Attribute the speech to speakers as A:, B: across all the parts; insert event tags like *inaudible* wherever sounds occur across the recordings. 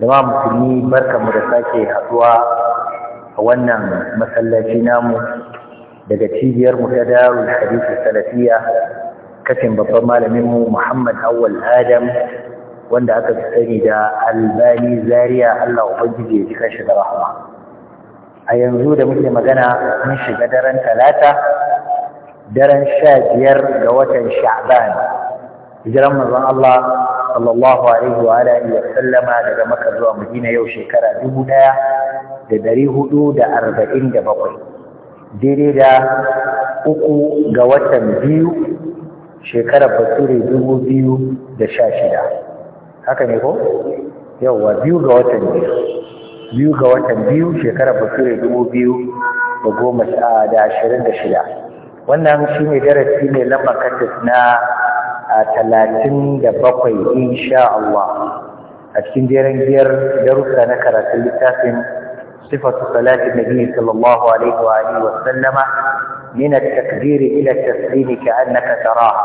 A: zama musulmi barkanmu da sake haduwa a wannan masallaci namu daga cibiyar mu ta daru hadisi salafiya kafin babban malaminmu muhammad Awal adam wanda aka fi sani da albani zaria allah ubangiji ya cika shi da rahama a yanzu da muke magana mun shiga daren talata daren sha biyar ga watan sha'ban hijiran manzon allah sallallahu alaihi wa alihi wa sallama daga maka zuwa Madina yau shekara 1447 daidai da uku ga watan biyu shekarar sha 2016 haka ne ko yauwa biyu ga watan biyu biyu ga watan biyu shekarar da 2016 wannan shine darasi ne lamar katis na a talatin da bakwai insha Allah a cikin jerin giyar darussa na karatun littafin sifatu salatin nabi sallallahu alaihi wa alihi wa sallama min at-takbir ila at-taslim ka'annaka taraha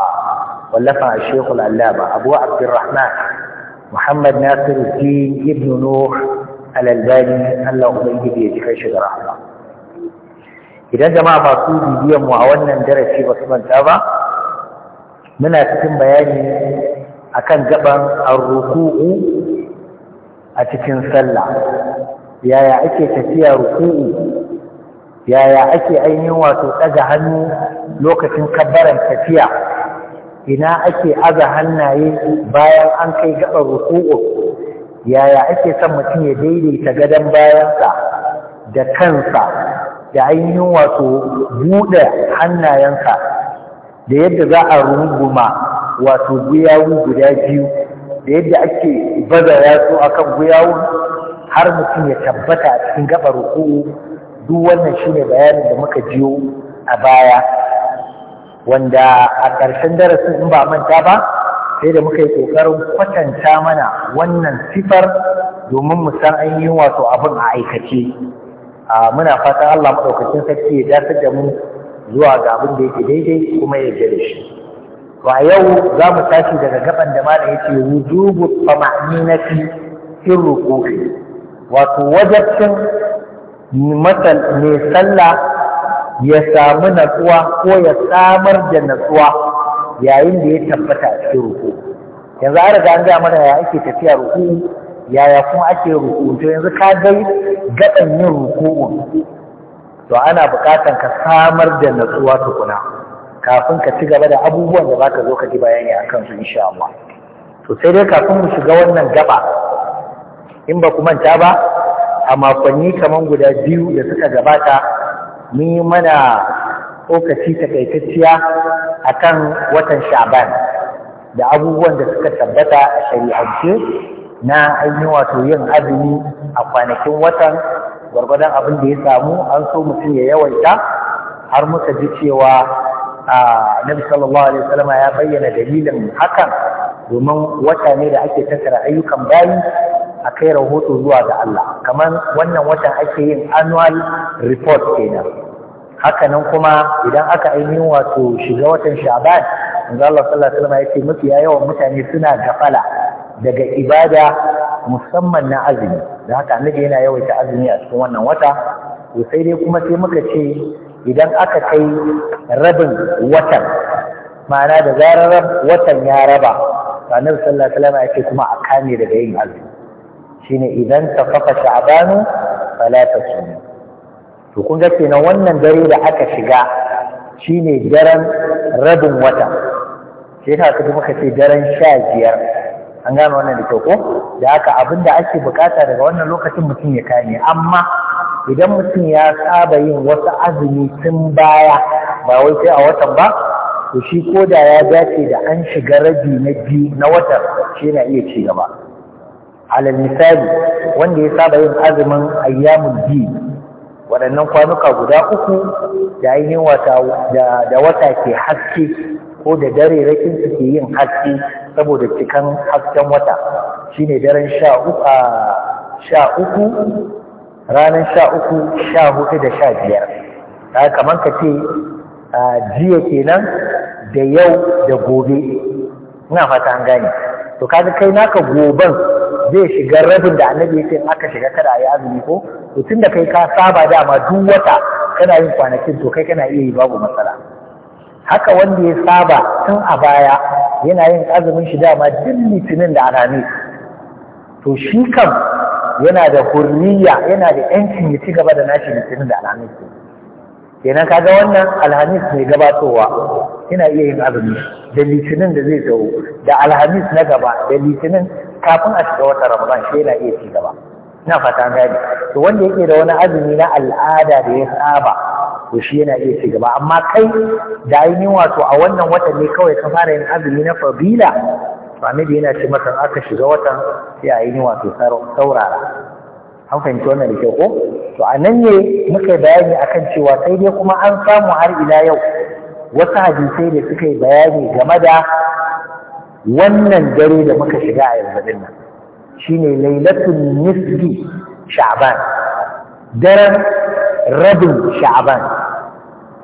A: wallafa al-shaykh al-allama Abu Muhammad Nasir al-Din ibn Nuh al-Albani Allah ubangiji ya jika shiga rahma idan jama'a ba su bibiyan mu a wannan darasi ba su manta ba muna cikin bayani akan gaban ar-ruku'u a cikin sallah yaya ake tafiya ruku'u yaya ake ainihin wato daga hannu lokacin kabbaran tafiya ina ake aza hannaye bayan an kai gaban ruku'u yaya ake son mutum ya daidaita gadon bayansa da kansa da ainihin wato buɗe hannayensa da yadda za a runguma wato guyawu guda biyu da yadda ake baza yatsu akan guyawun har mutum ya tabbata a cikin gaɓar ruku'u duk wannan shine bayanin da muka jiyo a baya wanda a ƙarshen darasin in ba manta ba sai da muka yi ƙoƙarin kwatanta mana wannan sifar domin mu san an yi wato abin a aikace muna fatan Allah maɗaukacin sarki ya dasar da mu zuwa ga abin da yake daidai kuma ya gare shi to yau za mu tashi daga gaban da malam yace wujubu tama'ninati fil ruku'i wato wajabcin masal ne sallah
B: ya samu natsuwa ko ya samar da natsuwa yayin
A: da ya tabbata cikin ruku yanzu an riga an gaya mana ya ake tafiya ruku yaya kuma ake ruku to yanzu ka ga gaban yin ruku'un to ana buƙatar ka samar da natsuwa tukuna kafin ka ci gaba da abubuwan da zaka zo ka ji bayani akan su insha Allah to sai dai kafin mu shiga wannan gaba in ba ku manta ba
B: a makonni kaman
A: guda biyu da suka gabata mun yi mana tsokaci takaitacciya kan watan Sha'ban da abubuwan da suka tabbata a shari'ance na ainihin wato yin azumi a kwanakin watan gwargwadon abin da ya samu an so mutum ya yawaita har muka ji cewa nabi sallallahu alaihi wasallam ya bayyana dalilin hakan domin wata ne da ake tattara ayyukan bayi a kai rahoto zuwa ga Allah kamar wannan watan ake yin annual report kenan hakanan kuma idan aka ainihin wato shiga watan sha'ban manzo Allah sallallahu alaihi wasallam yace mafiya yawan mutane suna gafala daga ibada musamman na azumi da haka annabi yana yawaita azumi a cikin wannan wata to sai dai kuma sai muka ce idan aka kai rabin watan ma'ana da zarar watan ya raba annabi sallallahu alaihi wasallam ya ce kuma a kame daga yin azumi shine idan tafafa sha'banu fala tasum to kun ga kenan wannan dare da aka shiga shine daren rabin wata sai ka kuma muka ce daren sha biyar an gano wannan da kyau ko da haka abin da ake bukata daga wannan lokacin mutum ya kame amma idan mutum ya saba yin wasu azumi tun baya ba wai sai a watan ba to shi ko da ya dace da an shiga rabi na biyu na watan shi na iya ci gaba alal misali wanda ya saba yin azumin ayyamul bi waɗannan kwanuka guda uku da ainihin wata da wata ke haske ko da dare rakin su ke yin haske saboda cikan hasken wata shine daren sha uku a sha uku ranar sha uku sha hudu da sha biyar ta kamar ka ce jiya kenan da yau da gobe ina fata an gane to kaga kai naka goben zai shiga rabin da annabi yake aka shiga kada a azumi ko to tun da kai ka saba dama duk wata kana yin kwanakin to kai kana iya yi babu matsala haka wanda ya saba tun a baya yana yin azumin shi dama duk litinin da alhamis to shi kam yana da hurriya yana da yancin ya ci gaba da nashi litinin da alhamis kenan kaga wannan alhamis mai gabatowa yana iya yin azumi da litinin da zai tsawo da alhamis na gaba da litinin kafin a shiga wata ramadan shi yana iya ci gaba na fata gani to wanda yake da wani azumi na al'ada da ya saba to shi yana iya ci gaba amma kai da ni wato a wannan watan ne kawai ka fara yin azumi na fabila to yana ce maka aka shiga watan sai a ni wato saurara an fahimci wannan da kyau ko to a nan ne muka yi bayani akan cewa sai dai kuma an samu har ila yau wasu hadisai da suka yi bayani game da wannan dare da muka shiga a yanzu din nan shine lailatul nisbi sha'ban daren rabin sha'aban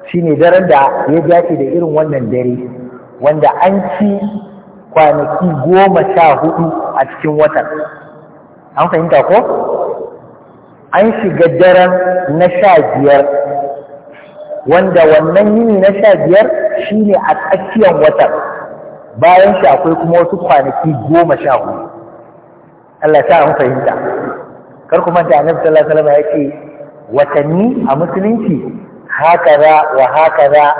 A: shi ne daren da ya dace da irin wannan dare wanda an ci kwanaki goma sha hudu a cikin watan an fahimta ko an shiga daren na sha biyar wanda wannan yini na sha biyar shi ne a tsakiyar watan bayan shi akwai kuma wasu kwanaki goma sha hudu Allah ta an fahimta kar ku manta annabi ya ce watanni a musulunci hakaza wa hakaza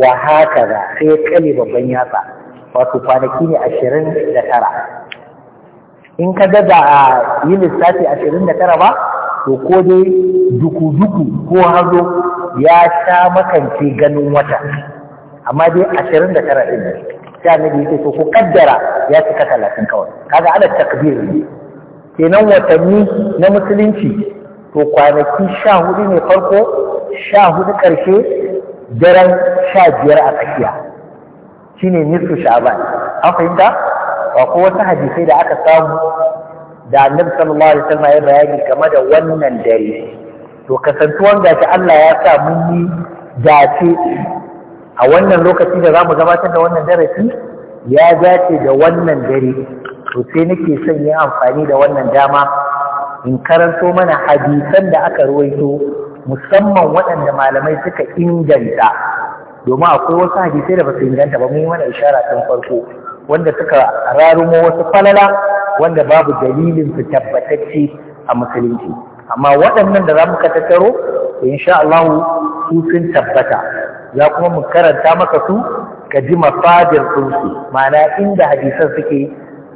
A: wa hakaza sai ya kale babban yatsa wato kwanaki ne ashirin da tara in ka daga a yi lissafi ashirin da tara ba to ko dai duku-duku ko hazo ya sha makance ganin wata amma dai ashirin da tara ɗin sai annabi ya ce ko kaddara ya cika talatin kawai kaga ana takbir ne kenan watanni na musulunci to kwanaki sha hudu ne farko sha hudu ƙarshe daren sha biyar a tsakiya shine nisfu Sha'aban. an fahimta ba ko wasu hadisai da aka samu da annabi sallallahu alaihi wasallam ya bayani game da wannan dare to kasantuwan ta Allah ya sa mun yi dace a wannan lokaci da zamu gabatar da wannan darasi ya dace da wannan dare to sai nake son yi amfani da wannan dama in karanto mana hadisan da aka ruwaito musamman waɗanda malamai suka inganta domin akwai wasu hadisai da ba su inganta ba mun yi mana ishara tun farko wanda suka rarumo wasu falala wanda babu dalilin su tabbatacce a musulunci amma waɗannan da za mu ka tattaro insha Allah su sun tabbata za kuma mu karanta maka su ka ji mafadir ɗinsu ma'ana inda hadisan suke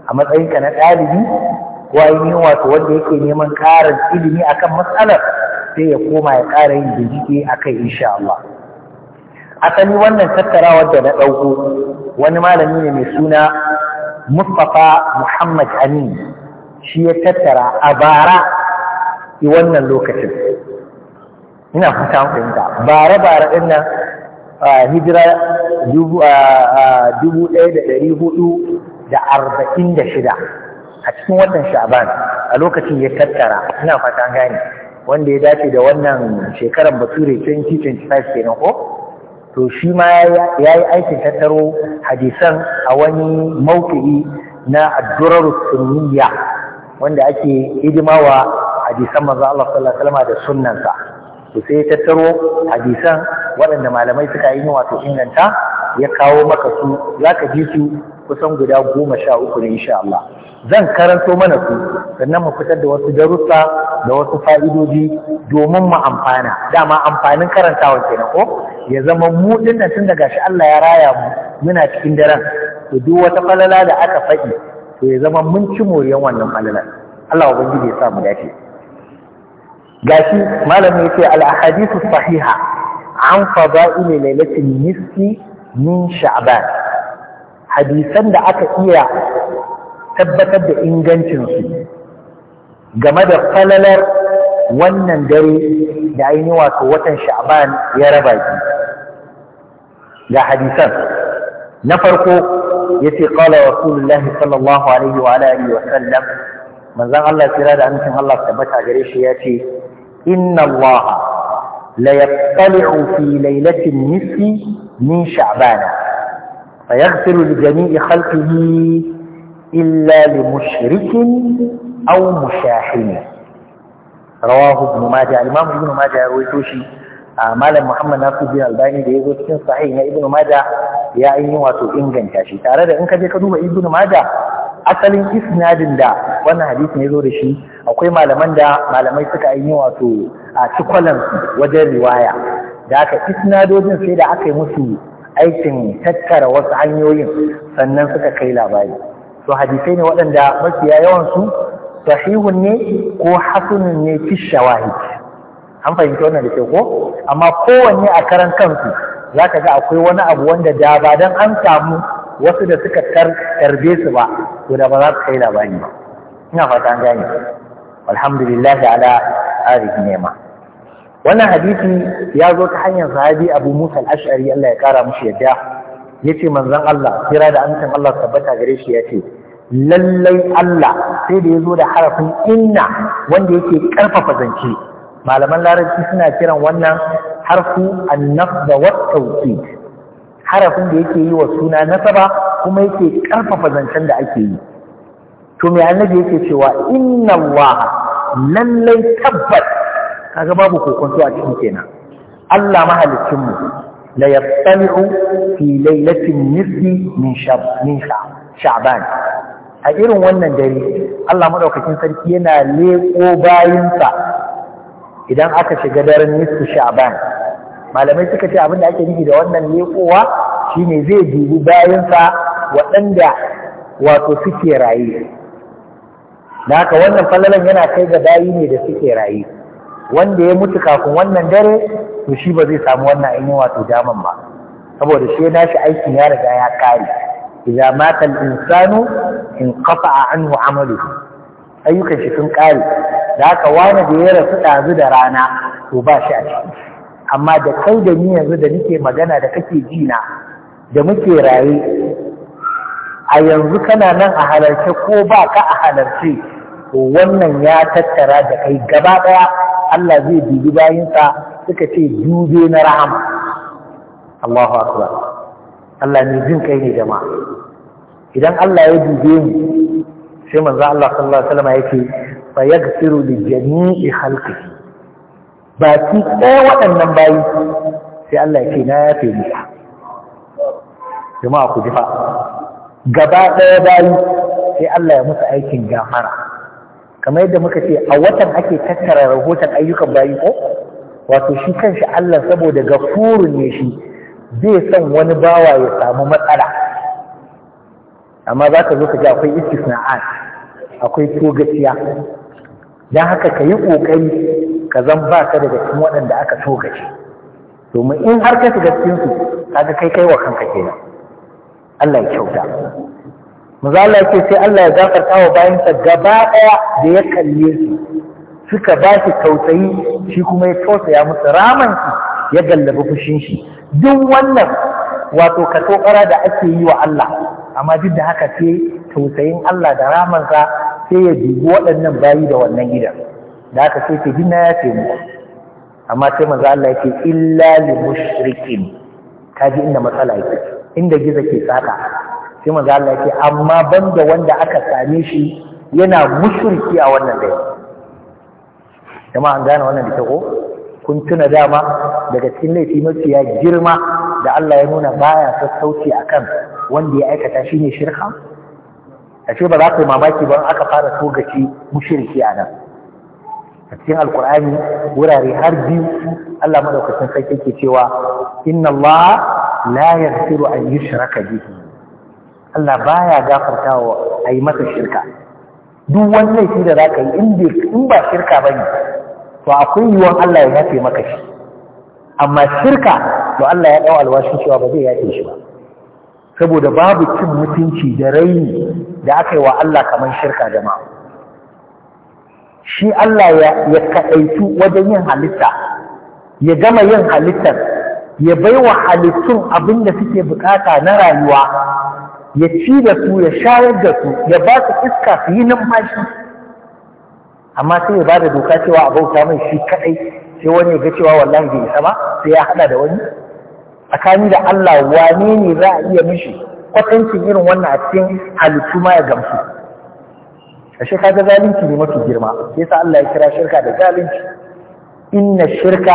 A: a matsayinka na ɗalibi ko ainihin wato wanda yake neman ƙarin ilimi akan matsalar sai ya koma ya ƙara yin bincike akai insha Allah asali wannan tattarawar da na ɗauko wani malami ne mai suna Mustapha Muhammad Amin shi ya tattara a bara wannan lokacin ina fata fahimta bara-bara, ɗin nan hijira dubu ɗaya da ɗari hudu da arba'in da shida a cikin watan sha'ban a lokacin ya tattara ina fata gani. wanda ya dace da wannan shekarar bature 2025 kenan ko to shi ma ya yi aikin tattaro hadisan a wani mauki'i na addurar sunniya wanda ake hidima wa hadisan manzo Allah sallallahu alaihi wasallam da sunnansa to sai ya tattaro hadisan waɗanda malamai suka yi wato inganta ya kawo maka su zaka ji su kusan guda goma sha uku ne insha Allah zan karanto mana su sannan mu fitar da wasu darussa da wasu fa'idodi domin mu amfana dama amfanin karantawa kenan ko ya zama mu dinnan tun daga shi Allah ya raya mu muna cikin daren to duk wata falala da aka faɗi to ya zama mun ci moriyan wannan falalar Allah ubangiji ya sa mu dace gashi malamin yace al ahadithu sahiha an fada'il lailatul nisfi min sha'ban hadisan da aka iya tabbatar da ingancinsu game da falalar wannan dare da ainihin wato watan sha'ban ya raba ki ga hadisan na farko yace qala rasulullah sallallahu alaihi wa alihi wa sallam manzon Allah tsira da amincin Allah tabbata gare shi yace inna Allah
B: la yattali'u fi
A: lailatin nisfi min sha'bana فيغفر لجميع خلقه إلا لمشرك أو مشاحن رواه ابن ماجه الإمام ابن ماجه رويتوشي malam Muhammad Nasiruddin Albani da ya zo cikin sahih na Ibn Majah ya yi wato inganta shi tare da in ka je ka duba Ibn Majah asalin isnadin da wannan hadisin ya zo da shi akwai malaman da malamai suka yi wato a cikwalan wajen riwaya da aka isnadojin sai da aka yi musu aikin tattara wasu hanyoyin sannan suka kai labari to hadisai ne waɗanda mafiya yawansu sahihun ne ko hasunun ne fi shawahid an fahimci wannan da ke ko amma kowanne a karan kansu za ka ga akwai wani abu wanda da ba don an samu wasu da suka tarbe su ba to da ba za su kai labari ba ina fata an gane alhamdulillah ala arihi nema wannan hadisi ya zo ta hanyar sahabi abu musa al-ash'ari Allah ya kara mushi yadda ya ce manzon Allah kira da amincin Allah tabbata gare shi ya ce lallai Allah sai da ya zo da harafin inna wanda yake karfafa zance malaman larabci suna kiran wannan harfu annaf da wattauki harafin da yake yi wa suna nasaba kuma yake karfafa zancen da ake yi to mai annabi yake cewa inna Allah lallai tabbas! kaga babu kokonto a cikin kenan Allah mahalicin mu la yattali'u fi lailatin nisfi min shab min sha'ban a irin wannan dare Allah madaukakin sarki yana leko bayinsa idan aka shiga daren nisfi sha'ban malamai suka ce abin da ake nufi da wannan lekowa shine zai dubi bayansa waɗanda wato suke raye da haka wannan fallalan yana kai ga bayi ne da suke raye wanda ya mutu kafin wannan dare to shi ba zai samu wannan ainihin wato daman ba saboda shi na shi aikin ya riga ya kare idza mata al-insanu in qata'a anhu amaluhu ayyukan shi sun kare da haka wani da ya rasu ɗazu da rana to ba shi a ciki amma da kai da ni yanzu da nike magana da kake ji na da muke raye a yanzu kana nan a halarce ko ba ka a halarce to wannan ya tattara da kai gaba ɗaya Allah zai dubi bayansa suka ce dube na rahama Allahu akbar Allah ne jin kai ne jama'a idan Allah ya dube mu sai manzo Allah sallallahu alaihi wasallam yake fa yaghfiru li jami'i khalqihi baki ɗaya waɗannan bayi sai Allah ya ce na yafe musu jama'a ku ji fa gaba ɗaya bayi sai Allah ya musu aikin gafara kamar yadda muka ce a watan ake tattara rahoton ayyukan bayi ko wato shi kanshi Allah saboda gafurun ne shi zai son wani bawa ya samu matsala amma za ka zo ka ji akwai istisna'at akwai togaciya don haka ka yi ƙoƙari ka zan ba ka daga cikin waɗanda aka togaci domin in har ka shiga cikinsu kaga kai kai wa kanka kenan Allah ya kyauta maza Allah ce sai Allah ya gafarta wa bayansa gaba ɗaya da ya kalle su suka ba shi tausayi shi kuma ya tausaya musu raman su ya gallabi fushin shi duk wannan wato ka tokara da ake yi wa Allah amma duk da haka sai tausayin Allah da ramansa sai ya dubi waɗannan bayi da wannan gidan da haka sai ce gina ya ce muku amma sai maza Allah ya illa li mushrikin kaji inda matsala yake inda gizo ke saka sai manzo Allah ce amma banda wanda aka same shi yana mushriki a wannan dai jama'a an gane wannan da ke ko kun tuna dama daga cikin laifi mafiya girma da Allah ya nuna baya sassauci akan wanda ya aikata shine shirka ashe ba za ku mamaki ba aka fara togaci mushriki a nan a cikin alkur'ani wurare har biyu Allah madaukakin sarki ke cewa inna Allah la yaghfiru an yushraka bihi Allah baya gafartawa a yi masa shirka duk wani laifi da za ka yi in ba shirka ba ne to akwai yiwuwan Allah ya yafe maka shi amma shirka to Allah ya ɗau alwashi cewa ba zai yafe shi ba saboda babu cin mutunci da raini da aka yi wa Allah kamar shirka jama'a shi Allah ya kaɗaitu wajen yin halitta ya gama yin halittar ya baiwa halittun abin da suke bukata na rayuwa ya ci da su ya shayar da su ya ba su iska su yi numfashi amma sai ya ba da doka cewa a bauta mai shi kadai sai wani ya ga cewa wallahi bai isa sai ya hada da wani tsakani da Allah wane ne za a iya mishi kwatancin irin wannan a cikin halittu ma ya gamsu a shirka da zalunci ne mafi girma sai sa Allah ya kira shirka da zalunci inna shirka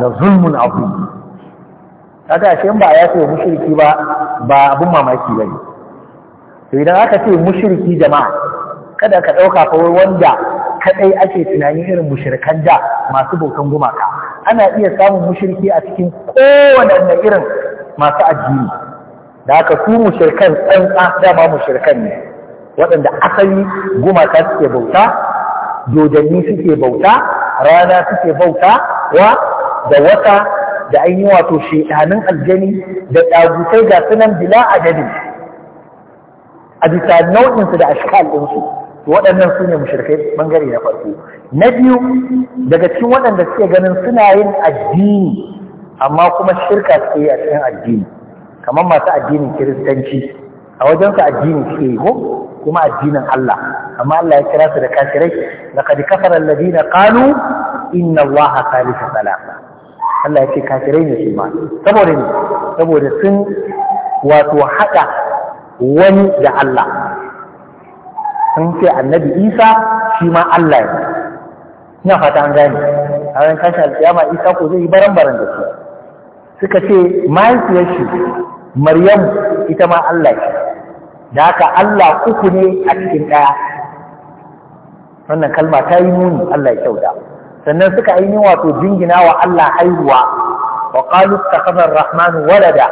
A: la zulmun azim kaga shi ba ya ce mushriki ba ba abun mamaki bane to idan aka ce mushriki jama'a kada ka dauka kawai wanda kadai ake tunanin irin mushrikan da masu bautan gumaka ana iya samun mushriki a cikin kowane irin masu addini da aka su mushrikan da dama mushrikan ne waɗanda asali gumaka suke bauta dodanni suke bauta rana suke bauta wa da wata da an yi wato shedanin aljani da ɗagutai ga sunan bila adadin a bisa nau'insu da ashkal ɗinsu waɗannan su ne mushrikai ɓangare na farko na biyu daga cikin waɗanda suke ganin suna yin addini amma kuma shirka suke yi a cikin addini kamar masu addinin kiristanci a wajensu addini suke yi ko kuma addinin Allah amma Allah ya kira su da kafirai laqad kafara alladhina qalu inna allaha thalithu thalatha Allah ya ce kafirai ne shi ma saboda ne saboda sun wato haɗa wani da Allah sun ce annabi Isa shi ma Allah ne ina fata an gane a ran kashi alƙiyama Isa ko zai yi baran-baran da su suka ce mahaifiyar shi Maryam ita ma Allah ce da haka Allah uku ne a cikin ɗaya wannan kalma ta yi muni Allah ya kyauta sannan suka aini wato jingina wa Allah haihuwa wa qalu ittakhadha rahman walada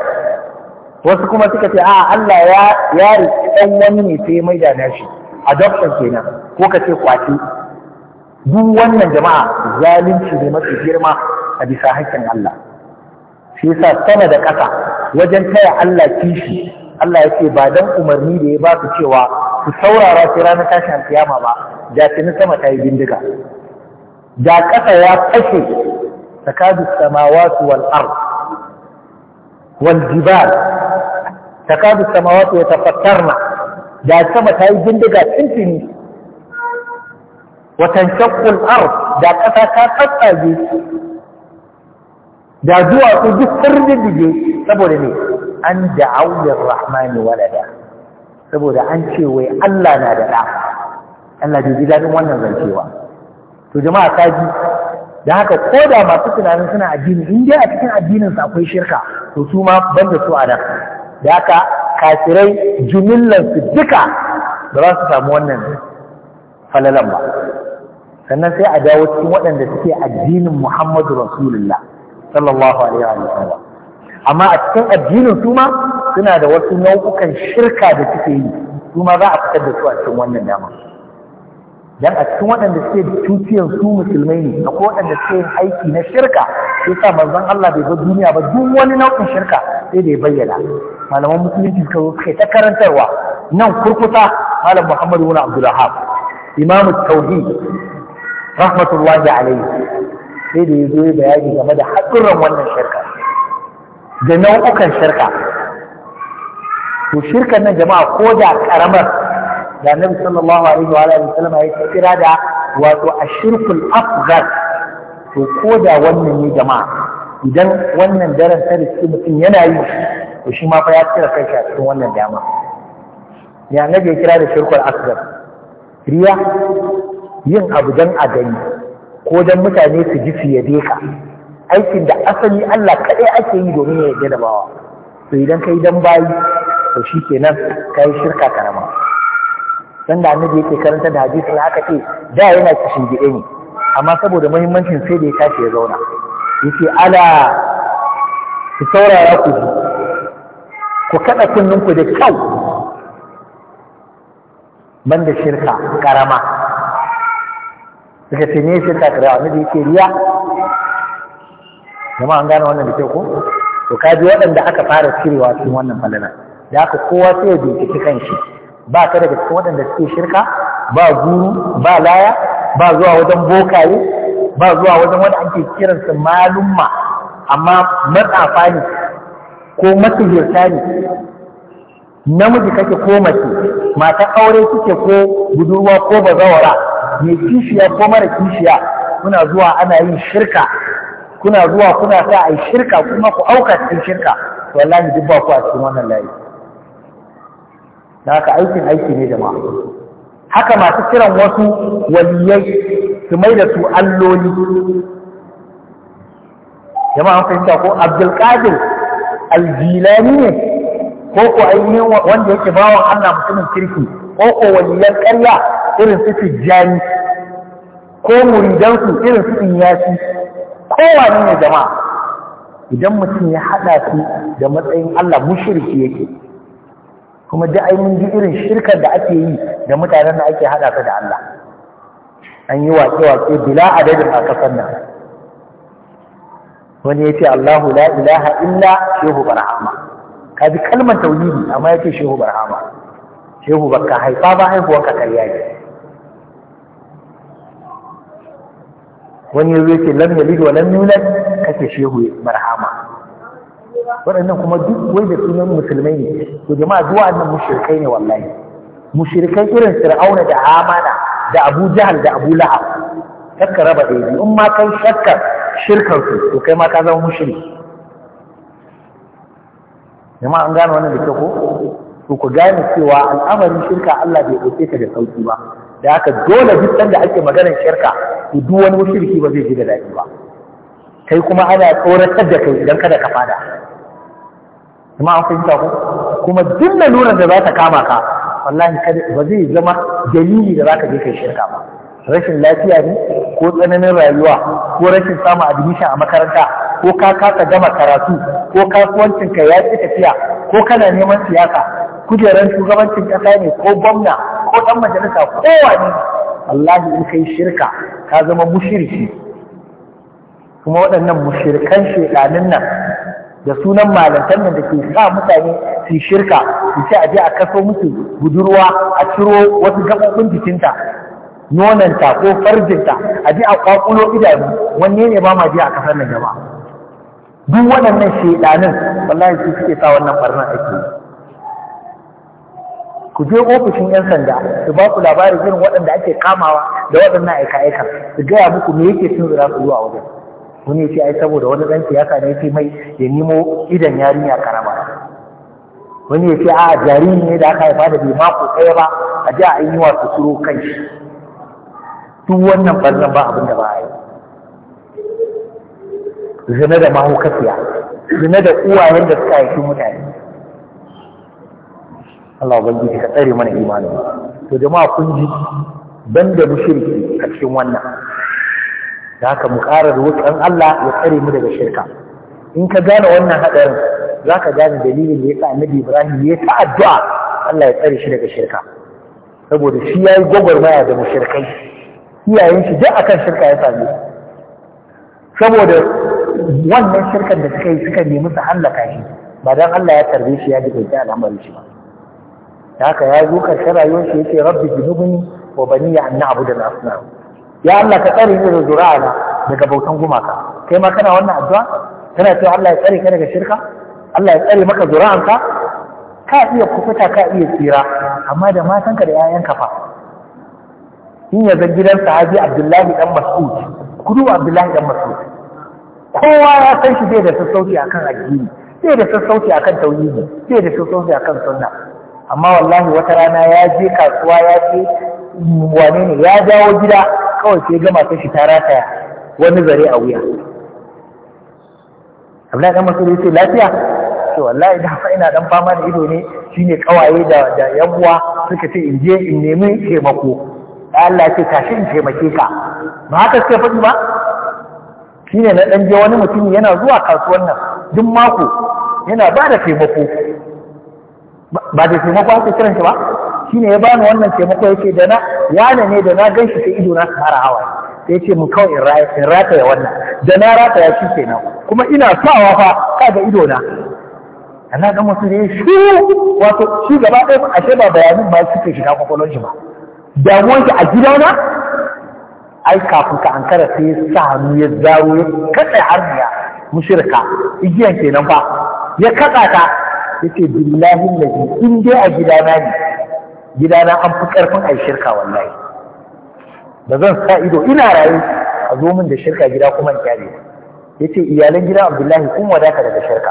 A: wasu kuma suka ce a Allah ya ya riki dan wani ne sai mai da nashi adoption kenan ko kace kwace? kwati duk wannan jama'a zalunci ne mafi girma a bisa hakkin Allah shi yasa sama da ƙasa wajen taya Allah kishi Allah ya ce ba dan umarni da ya ba su cewa su saurara sai ranar tashin kiyama ba da tuni sama ta yi bindiga da ƙasa ya fashe takadu samawati wal ard wal jibal
B: takadu ya yatafattarna da sama ta yi bindiga tintini watan shakkul ard da ƙasa ta tsatsage
A: da zuwa duwatsu duk firgidige saboda ne an da'awir rahmani walada saboda an ce wai Allah na da ɗa Allah bai ji daɗin wannan zancewa to jama'a kaji da haka ko da masu tunanin suna addini in dai a cikin addinin su akwai shirka to su ma ban da su a nan
B: da haka kafirai jumillan su duka ba za su samu wannan
A: falalan ba sannan sai a dawo cikin waɗanda suke addinin Muhammadu Rasulullah sallallahu alaihi wa sallam amma a cikin addinin su ma suna da wasu nau'ukan shirka da suke yi su ma za a fitar da su a cikin wannan dama dan a cikin waɗanda suke cuciyar su musulmai ne akwai waɗanda suke yin aiki na shirka yasa manzon Allah bai bar duniya ba duk wani nau'in shirka sai da ya bayyana malaman musulunci suka zo suka ta karantarwa nan kurkuta malam Muhammad ibn Abdulrahman imamu tauhid rahmatullahi alaihi sai da ya zo bayani game da haɗurran wannan shirka da nau'ukan shirka to shirkan nan jama'a ko da karamar da annabi sallallahu alaihi wa alihi wasallam ya kira da wato ashirkul afghar to ko da wannan ne jama'a idan wannan daren ta riski mutum yana yi to shi ma fa ya kira kai a cikin wannan dama ya annabi ya kira da shirkul afghar riya yin abu dan a gani ko dan mutane su ji su da ka aikin da asali Allah kaɗai ake yi domin ya yarda da bawa to idan kai dan bayi to shi kenan ka yi shirka karama sanda annabi yake karanta da hadisi na haka ce da yana kishin gide ne amma saboda muhimmancin sai da ya tashi ya zauna yace ala ku saurara ku ji ku kada ku da kyau banda shirka karama Daga ce ne shirka karama annabi yake riya jama'a an gane wannan da kyau ko to kaji waɗanda aka fara cirewa cikin wannan falala da haka kowa sai ya kan shi. ba ka daga cikin waɗanda suke shirka ba guru ba laya ba zuwa wajen bokaye ba zuwa wajen wani ake kiransu malumma amma matsafa ne ko masihirta ne namiji kake ko mace matan aure suke ko budurwa ko bazawara mai kishiya ko mara kishiya kuna zuwa ana yin shirka kuna zuwa kuna sa a yi shirka kuma ku auka cikin shirka wallahi duk ba ku a cikin wannan layi da haka aikin aiki ne jama'a
B: haka masu kiran wasu
A: waliyai su mai da su alloli jama'a fahimta ko abdulkadir aljilani ne ko ko ainihin wanda yake bawan allah mutumin kirki ko ko waliyan karya irin su tijjani ko muridansu irin su inyasi
B: kowane ne jama'a
A: idan mutum ya haɗa su da matsayin allah mushirki yake kuma da ai mun ji irin shirkar da ake yi da mutanen da ake hada su da Allah an yi wake-wake bila adadin a kasar nan wani ya ce Allahu la ilaha illa shehu barhama ka ji kalmar tauhidi amma ya ce shehu barhama shehu baka haifa ba haihuwanka karya ne wani ya ce lam yalid wa lam yulad kace shehu barhama waɗannan kuma duk wai da sunan musulmai ne to jama'a duk wannan mushrikai ne wallahi mushrikai irin fir'auna da amana da abu jahal da abu lahab kakka raba ɗaya in ma kai shakkar shirkar su to kai ma ka zama mushrik jama'a an gane wannan da ke ko to ku gane cewa al'amarin shirka Allah bai ɗauke ka da sauki ba da haka dole duk da ake maganar shirka to duk wani mushriki ba zai ji da daɗi ba kai kuma ana tsoratar da kai idan kada ka fada kuma an fahimta ku kuma duk lalurar da za ta kama ka wallahi kada ba zai zama dalili da za ka je kai shirka ba rashin lafiya ne ko tsananin rayuwa ko rashin samun admission a makaranta ko ka kasa gama karatu ko ka ya ci tafiya ko kana neman siyasa kujeran shugabancin ƙasa ne ko gwamna ko ɗan majalisa wani wallahi in kai shirka ka zama mushirki kuma waɗannan mushirkan shekanun nan da sunan malantar nan da ke sa mutane su shirka su ce a je a kaso musu budurwa a ciro wasu gaɓoɓin jikinta nonanta ko farjinta a je a kwakulo idanu wanne ne ba ma je a kasar nan gaba duk waɗannan shaidanin wallahi su suke sa wannan barnar ake yi ku je ofishin 'yan sanda su ba ku labarin irin waɗanda ake kamawa da waɗannan aika-aika su gaya muku me yake sun zira su zuwa wajen wani ya ce ai saboda wani ɗan siyasa ne ce mai ya nemo idan yarinya karama wani ya ce a jariri ne da aka haifa da bai mako ɗaya ba a ji a yi wasu suro kai shi duk wannan ɓarnan ba abin da ba a yi zina da mahaukaciya zina da uwayen da suka haifi mutane Allah ubangiji ka tsare mana imanin to jama'a kun ji banda mushriki a cikin wannan da haka mu ƙara roƙon Allah ya tsare mu daga shirka in ka gane wannan haɗarin za ka gane dalilin da ya sa annabi Ibrahim ya ta addu'a Allah ya tsare shi daga shirka saboda shi ya yi gwagwarmaya da mushirkai iyayen shi duk akan shirka ya same saboda wannan shirkan da suka yi suka nemi su hallaka shi ba dan Allah ya tarbe shi ya dubuta al'amarin shi ba da haka ya zo karshen rayuwar shi yace rabbi jinubni wa bani ya na'budu al-asnam ya Allah ka tsare ni da zura'ana daga bautan gumaka kai ma kana wannan addu'a kana cewa Allah ya tsare ka daga shirka Allah ya tsare maka zura'anka ka iya kufuta ka iya tsira amma da matanka da 'ya'yanka fa in ya zan gidan sahabi Abdullahi dan Mas'ud kudu Abdullahi dan Mas'ud kowa ya san shi zai da sassauci akan addini zai da sassauci akan tauhidi zai da sassauci akan sunna amma wallahi wata rana ya je kasuwa ya je wane ne ya dawo gida kawai sai gama ta shi ta rataya wani zare a wuya abdullahi dan masu yace lafiya to wallahi da ina dan fama da ido ne shine kawaye da da yabuwa suka ce in je in nemi taimako Allah ce tashi in taimake ka ba haka suka faɗi ba shine na dan je wani mutum yana zuwa kasuwan nan duk mako yana ba da taimako ba da taimako ake kiran shi ba shi ne ya bani wannan taimako yake da na wane ne da na gan shi sai ido na fara hawa sai ce mun kawai in rata ya wannan da na rata ya shi kenan kuma ina sawa fa idona. ido na ana ga wasu ne ya wato shi gaba ɗaya ashe ba bayanin ba suke shiga kwakwalwar shi ba damuwar shi a gida na? ai kafin ka ankara sai sa hannu ya zaro ya katsa harniya mushirka igiyan kenan fa ya katsa ta yace billahi lazi in dai a gidana ne gidana an fi ƙarfin a yi shirka wallahi da zan sa ido ina rayu a zo min da shirka gida kuma in kyale ya ce iyalan gida abdullahi kun wadata daga shirka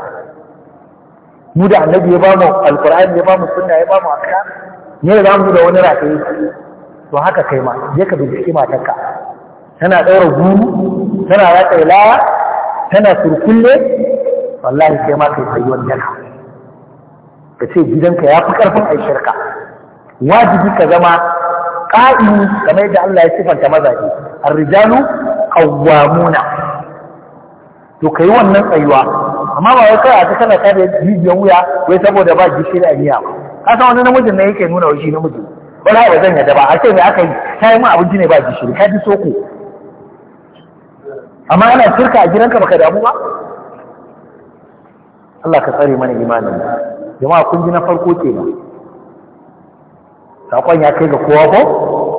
A: mu da annabi ya bamu alkur'ani ya bamu sunna ya bamu akra ne da mu da wani rataye to haka kai ma je ka binciki matarka tana ɗaura guru tana ratsa laya tana surkulle wallahi kai ma kai sayi wani daka ka ce gidanka ya fi ƙarfin ai shirka wajibi ka zama ƙa'ini kamar yadda Allah ya sifanta mazaɗi, ar-rijalu qawwamuna to yi wannan tsayuwa amma ba wa kai a ta kana kada jijiyan wuya wai saboda ba gishiri a miya ka san wani namijin na yake nuna shi namiji wala ba zan yadda ba a ce me aka yi yi mun abinci ne ba gishiri ka ji soko amma ana turka a gidanka baka damu ba Allah ka tsare mana imanin jama'a kun ji na farko kenan sakon ya kai ga kowa ko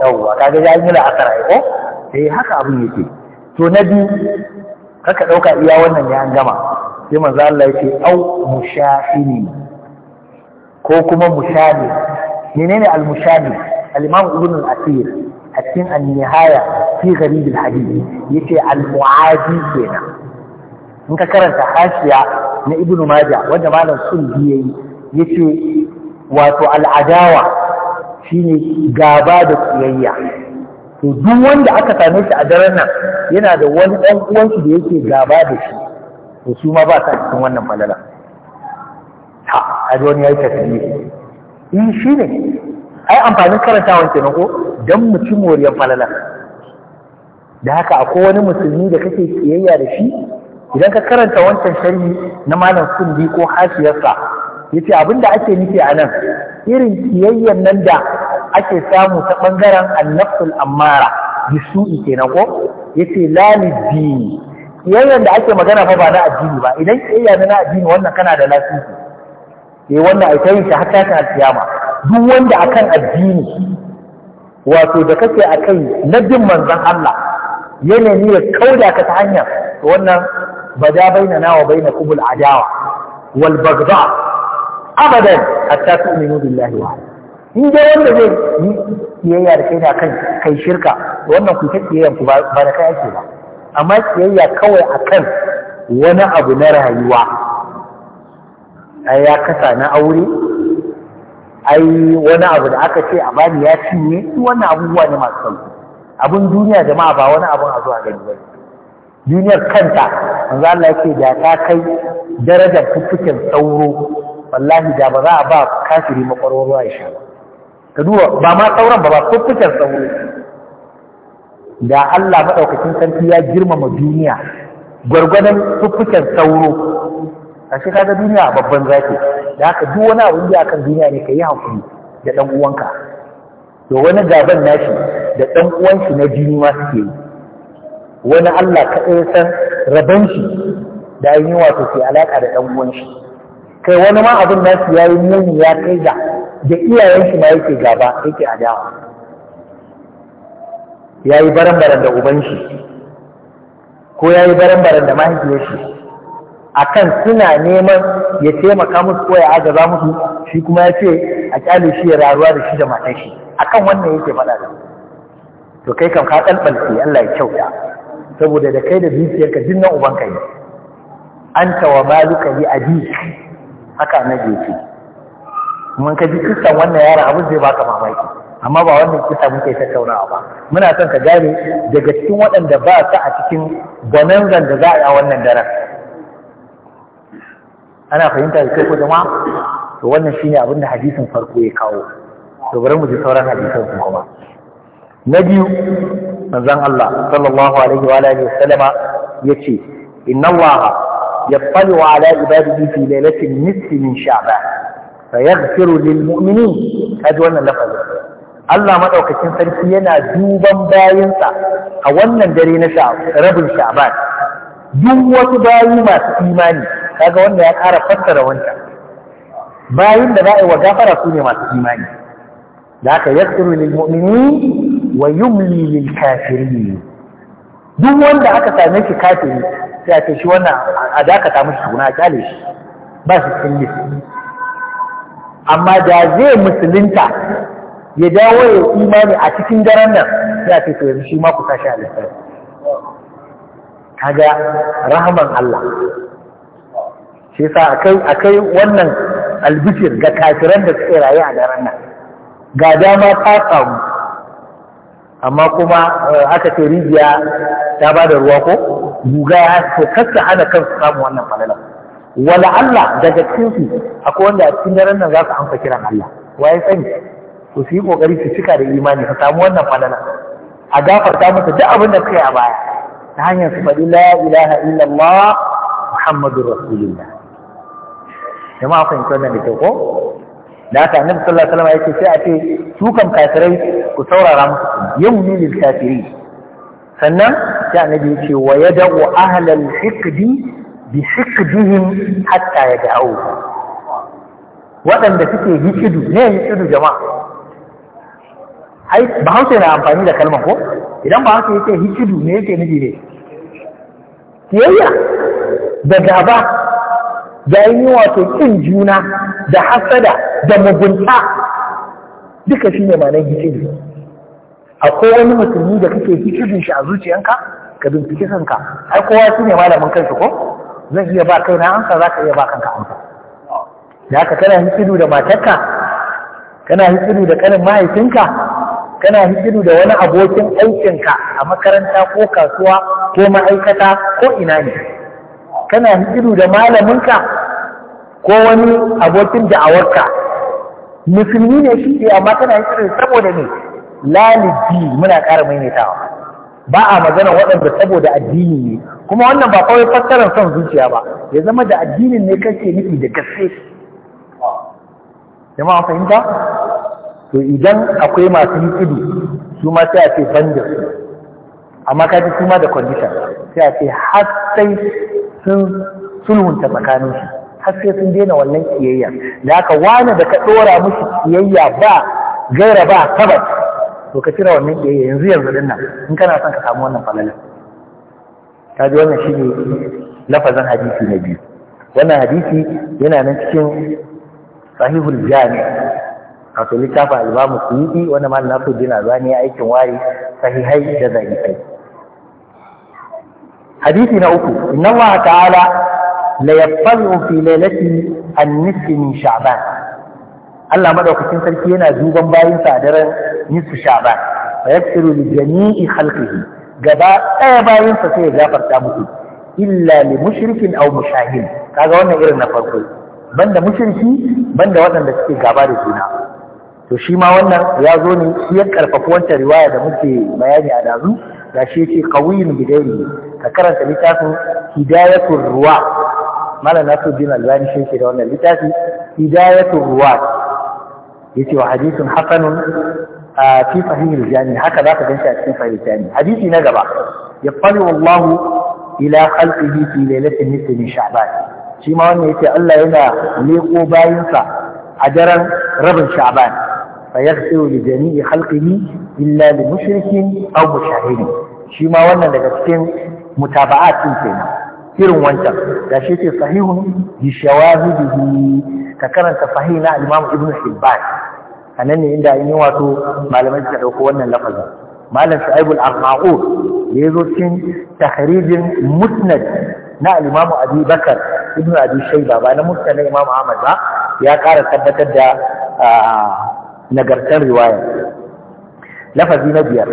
A: yawwa kaga ya yi la'asar ai ko sai eh, haka abin yake to na biyu kaka ɗauka iya wannan ya gama sai manzo Allah yake au mushahini ko kuma mushabi menene al-mushabi al-imam ibn al-asir a cikin an-nihaya fi gharib al-hadith yace al-mu'adi kenan in ka karanta Hasiya na ibn majah wanda malam sulbi yayi yace wato al-adawa shine gaba da tsiyayya to duk wanda aka same shi a daren nan yana da wani ɗan uwansu da yake gaba da shi to su ma ba sa cikin wannan falala ha a wani ya yi tasiri in eh, shi ne ai amfanin karantawan kenan ko don mu ci moriyar falala da haka akwai wani musulmi da kake kiyayya da shi idan ka karanta wancan sharhi na malam sundi ko hasiyarsa yace da ake nufi a nan irin kiyayyen nan da ake samu ta bangaren annafsul ammara bisu'i kenan ko yace la kiyayyen da ake magana fa ba na addini ba idan kiyayya na addini wannan kana da lasisi eh wannan ai kai ta hatta ta alkiyama duk wanda akan addini wato da kake akai na bin manzon Allah ya ne ya kauda ka ta hanya wannan bada bainana wa bainakumul adawa wal baghdha abadan hatta tu'minu billahi wa in dai wanda zai yi kiyayya da kai na kan kai shirka wannan ku ta kiyayya ku ba da kai ake ba amma kiyayya kawai akan wani abu na rayuwa ai ya kasa na aure ai wani abu da aka ce a bani ya cinye su wannan abubuwa ne masu sauki abun duniya jama'a ba wani abun a zuwa gani ba duniyar kanta manzo Allah yake da ta kai darajar fuffuken sauro wallahi da ba za a ba kafiri makwarwar ruwa ya ba ka duba ba ma sauran ba ba ko sauro da Allah maɗaukacin sarki ya girmama duniya
B: gwargwadon fuffuken
A: sauro a shi ga duniya babban zaki da haka duk wani abin da akan duniya ne ka yi hakuri da ɗan uwanka to wani gaban nashi da ɗan uwanshi na jini ma suke yi wani Allah kaɗai san raban shi da yi wato ke alaƙa da ɗan uwanshi. kai wani ma abin nasu ya yi muni ya kai da da iyayen shi ma yake gaba yake adawa ya yi baran da uban shi ko ya yi baran da mahaifiyar shi akan suna neman ya taimaka musu ko ya azaba musu shi kuma ya ce a kyale shi ya raruwa da shi da matan shi akan wannan yake faɗa da to kai kam ka kalbalce Allah ya kyauta saboda da kai da zuciyarka dinnan uban kai anta wa maluka li abik haka na ya mun ka ji kisan wannan yara abin zai baka mamaki amma ba wannan kisa muke tattaunawa ba muna son ka gane daga cikin waɗanda ba ta a cikin bonanzan da za a yi a wannan daren ana fahimta da kai ko jama'a to wannan shine abin da hadisin farko ya kawo to bari mu ji sauran hadisan su kuma na biyu manzon Allah sallallahu alaihi wa alihi wasallama yace inna Allah يطلع على عباده في ليلة النصف من شعبان فيغفر للمؤمنين هذا هو لفظة الله مدعو كتن فرسينا دوبا باينسا أولنا درين شعب رب شعبان دوة دائمة إيماني هذا هو أنه أرى فتر وانتا باين لبائي وغفر رسولي ما تسيماني لكن يغفر للمؤمنين ويملي للكافرين دوما دعك سأميك كافرين sai a ce shi wannan a dakata mashi suna a kyale shi ba shi cikin list amma da zai musulunta ya dawo ya imani a cikin daren nan sai a ce to yanzu shi ma ku a lissafi kaga rahaman Allah shi sa akai akai wannan albishir ga kafiran da suke rayu a daren nan ga dama ta samu amma kuma eh, aka ce rijiya ta ba da ruwa ko guga ya kasta kakka hana kansu samun wannan falala wala Allah daga cikin su akwai wanda a cikin daren nan za su amsa kiran Allah waye sani to su yi kokari su cika da imani su samu wannan falala a gafarta musu duk abin da suka yi a baya ta hanyar su faɗi la ilaha illallah muhammadur rasulullah jama'a kun kwana da kyau ko da haka annabi sallallahu alaihi wasallam yake sai a ce su kan kafirai ku saurara musu yau ne lil kafirin sannan sai annabi ya ce wa dawo ahlal hiqdi bi hiqdihim hatta yad'u waɗanda suke hikidu ne hikidu jama'a ai hausa na amfani da kalmar ko idan hausa yake hikidu ne yake nufi ne kiyayya da gaba da yi wato kin juna
B: da hasada da
A: mugunta duka shine ma'anar hikidu akwai wani musulmi da kake fikirin shi a zuciyanka ka bincike kanka ai kowa ne malamin kansa ko zan iya ba kaina amsa ka iya ba kanka amsa da haka kana hikidu da matarka kana hikidu da kanin mahaifinka kana hikidu da wani abokin aikinka a makaranta ko kasuwa ko ma'aikata ko ina ne kana hikidu da malaminka ko wani abokin da'awarka musulmi ne shi amma kana hikidu saboda ne lalibi muna ƙara maimaitawa ba a magana waɗanda saboda addini ne kuma wannan ba kawai fassarar son zuciya ba ya zama da addinin ne kake nufi da gaske jama'a fahimta to idan akwai masu yi tudu su ma sai a ce ban su amma kaji su ma da condition sai a ce har sun sulhunta tsakanin su har sai sun daina wannan kiyayya da aka wani da ka ɗora musu kiyayya ba gaira ba sabat to ka cire wannan ɗaya yanzu yanzu din nan in kana son ka samu wannan falala ta ji wannan shine lafazin hadisi na biyu wannan hadisi yana nan cikin sahihul jami wato littafin al-imamu suyuti wanda malam nasiruddin za ni aikin wari sahihai da zaifai hadisi na uku inna allah ta'ala la yafzu fi lailati an-nisfi sha'ban Allah maɗaukakin sarki yana duban bayan a daren nisfu sha'ban wa yaghfiru li jami'i khalqihi gaba ɗaya bayansa sai ya gafarta musu illa li mushrikin aw mushahin kaga wannan irin na farko banda mushriki banda waɗanda suke gaba da juna to shi ma wannan ya zo ne shi ya karfafa wancan riwaya da muke bayani a dazu ga shi yake qawiyyun bidairi ka karanta littafin hidayatul ruwa malam nasiruddin albani shi yake da wannan littafin hidayatul ruwa yace wa hadithun hasanun a fi sahihil jami haka za ka ganshi a cikin sahihil jami hadisi na gaba yafali wallahu ila khalqihi fi lailatin nisfi min sha'ban shi ma wannan yace Allah yana leko bayinsa a daren rabin sha'ban fa yaghfiru li jami'i khalqihi illa li mushrikin aw mushahidin shi ma wannan daga cikin mutaba'a din kenan irin wancan da shi ce sahihun bi shawahidihi ka karanta sahih na al-Imam Ibn Hibban anan ne inda yin wato malamai suka dauko wannan lafazin malam Shu'aib al-Arnaud da yazo cikin tahrijin musnad na al-Imam Abi Bakar Ibn Abi Shayba ba na musnad Imam Ahmad ba ya ƙara tabbatar da nagartar riwaya lafazi na biyar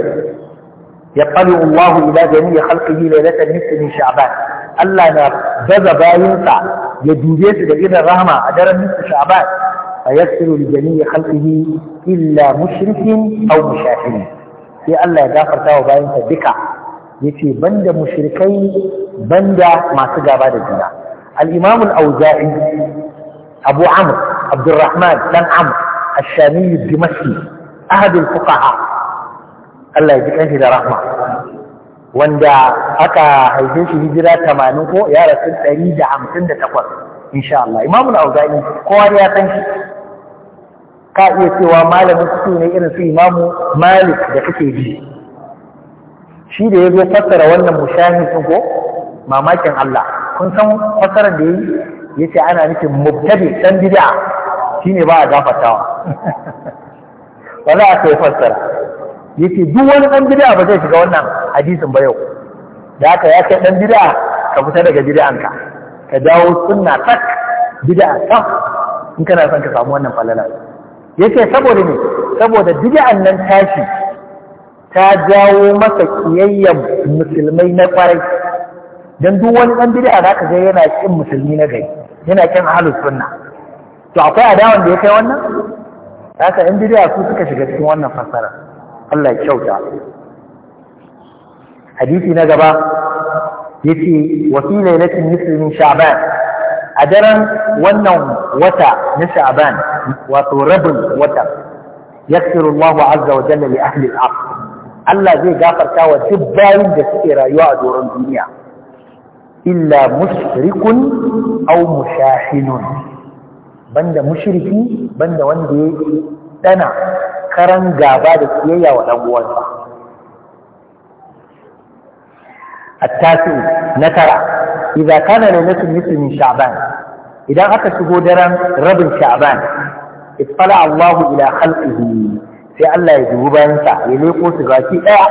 A: يطلع الله إلى جميع خلقه ليلة النصف من شعبان Allah na baza bayinsa ya dube su da irin rahama a daren Shabad. A fa yassiru li ya khalqihi illa mushrikin aw mushahirin sai Allah ya gafarta wa bayinsa duka yace banda mushrikai banda masu gaba da juna al-imam al-auza'i abu amr abdurrahman dan amr الشامي الدمشقي أحد الفقهاء الله da Rahma. wanda aka haife shi hijira tamanin ko ya rasu ɗari da hamsin da takwas insha Allah imamu al kowa ya san shi ka iya cewa malamin su ne irin su imamu malik da kake bi shi da ya zo fassara wannan mushahin din ko mamakin Allah kun san fassarar da yayi ce ana nufin Mubtabi dan bid'a shine ba a gafatawa *laughs* wala a kai fassara yace duk wani ɗan bid'a ba zai shiga wannan hadisin ba yau da haka ya kai dan bid'a ka fita daga bid'anka ka dawo sunna tak bid'a tak in kana son ka samu wannan falala ce saboda ne saboda bid'an nan tashi ta jawo masa kiyayyen musulmai na kwarai dan duk wani dan bid'a ka ga yana kin musulmi na gari yana kin ahlus sunna to akwai adawan da ya kai wannan haka ɗan bid'a su suka shiga cikin wannan fassara. Allah ya kyauta hadisi na gaba yace wa fi lailatin nisfi sha'ban a daren wannan wata na sha'ban wato rabin wata yaksiru Allah azza wa jalla li ahli al Allah zai gafarta wa duk bayin da suke rayuwa a doron duniya illa mushrikun aw mushahinun banda mushriki banda wanda ya dana karan gaba da kiyayya wa ɗan uwansa attasi na tara idan kana ne nasu musulmin sha'ban idan aka shigo daren rabin sha'ban ifala Allahu ila khalqihi sai Allah ya dubi bayansa ya leko su baki daya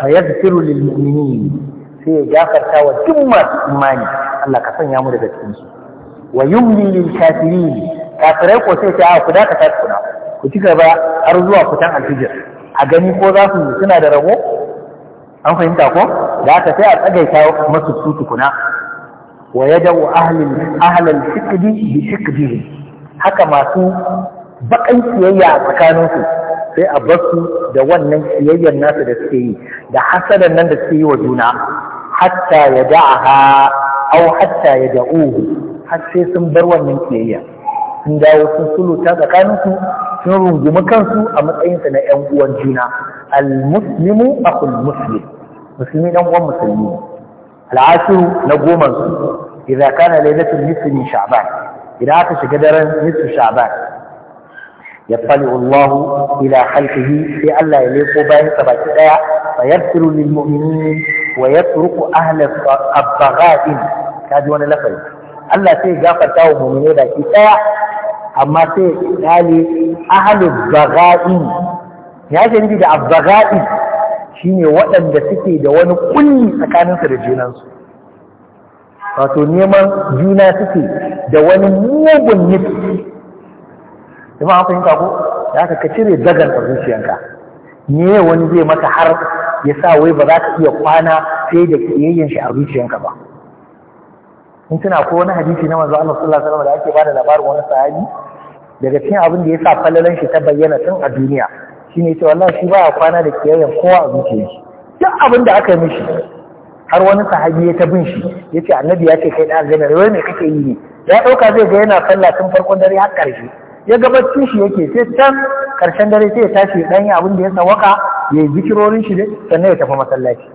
A: fa yaghfiru lil mu'minin sai ya gafarta wa duk imani Allah ka sanya mu daga cikin su wa yumli lil kafirin kafirai ko sai ta ku da ka ta kuna ku ci gaba har zuwa fitan alfijir a gani ko za su suna da rabo an fahimta ko da aka sai a tsagaita masu su tukuna wa yadau ahlul ahlul fiqdi bi haka masu bakan kiyayya a tsakaninsu sai a basu da wannan kiyayyar nasu da suke yi da hasadan nan da suke yi wa juna hatta ya da'aha au hatta ya da'uhu har sai sun bar wannan siyayya. sun dawo sun sulota tsakanin su sun rungumi kansu a matsayinsa na 'yan'uwan juna al-muslimu akul musulmi ɗan uwan musulmi al’asiru na goman su idan aka na lailatul musulmi sha'ban idan aka shiga daren nisu sha'ban ya fali Allah ila halkihi sai Allah ya leko bayan sa baki daya fa yarsilu lil mu'minin wa yatruku ahla abghadin kaji wani lafazi Allah sai ya gafarta wa mu'mini baki ɗaya. amma sai ya kyale ahalul baga'in ya ce da abbaga'in shine waɗanda suke da wani kulli tsakaninsu da junansu wato neman juna suke da wani mugun nufi kuma an yin ko da aka cire dagan a zuciyanka ne wani zai maka har ya sa wai ba za ka iya kwana sai da kiyayyen shi a zuciyanka ba in tuna ko wani hadisi na manzo Allah sallallahu alaihi wasallam da ake bada labarin wani sahabi daga cikin abin da ya sa fallalan shi ta bayyana tun a duniya shine cewa wallahi shi baya kwana da kiyayen kowa a zuciyar shi duk abin da aka yi mishi har wani sahabi ya ta bin shi ce annabi ya ce kai da aljanna wai me kake yi ne ya dauka zai ga yana sallah tun farkon dare har karshe ya ga gabacin shi yake sai can karshen dare sai ya tashi dan yi abin da ya sawaka ya yi zikirorin shi sannan ya tafi masallaci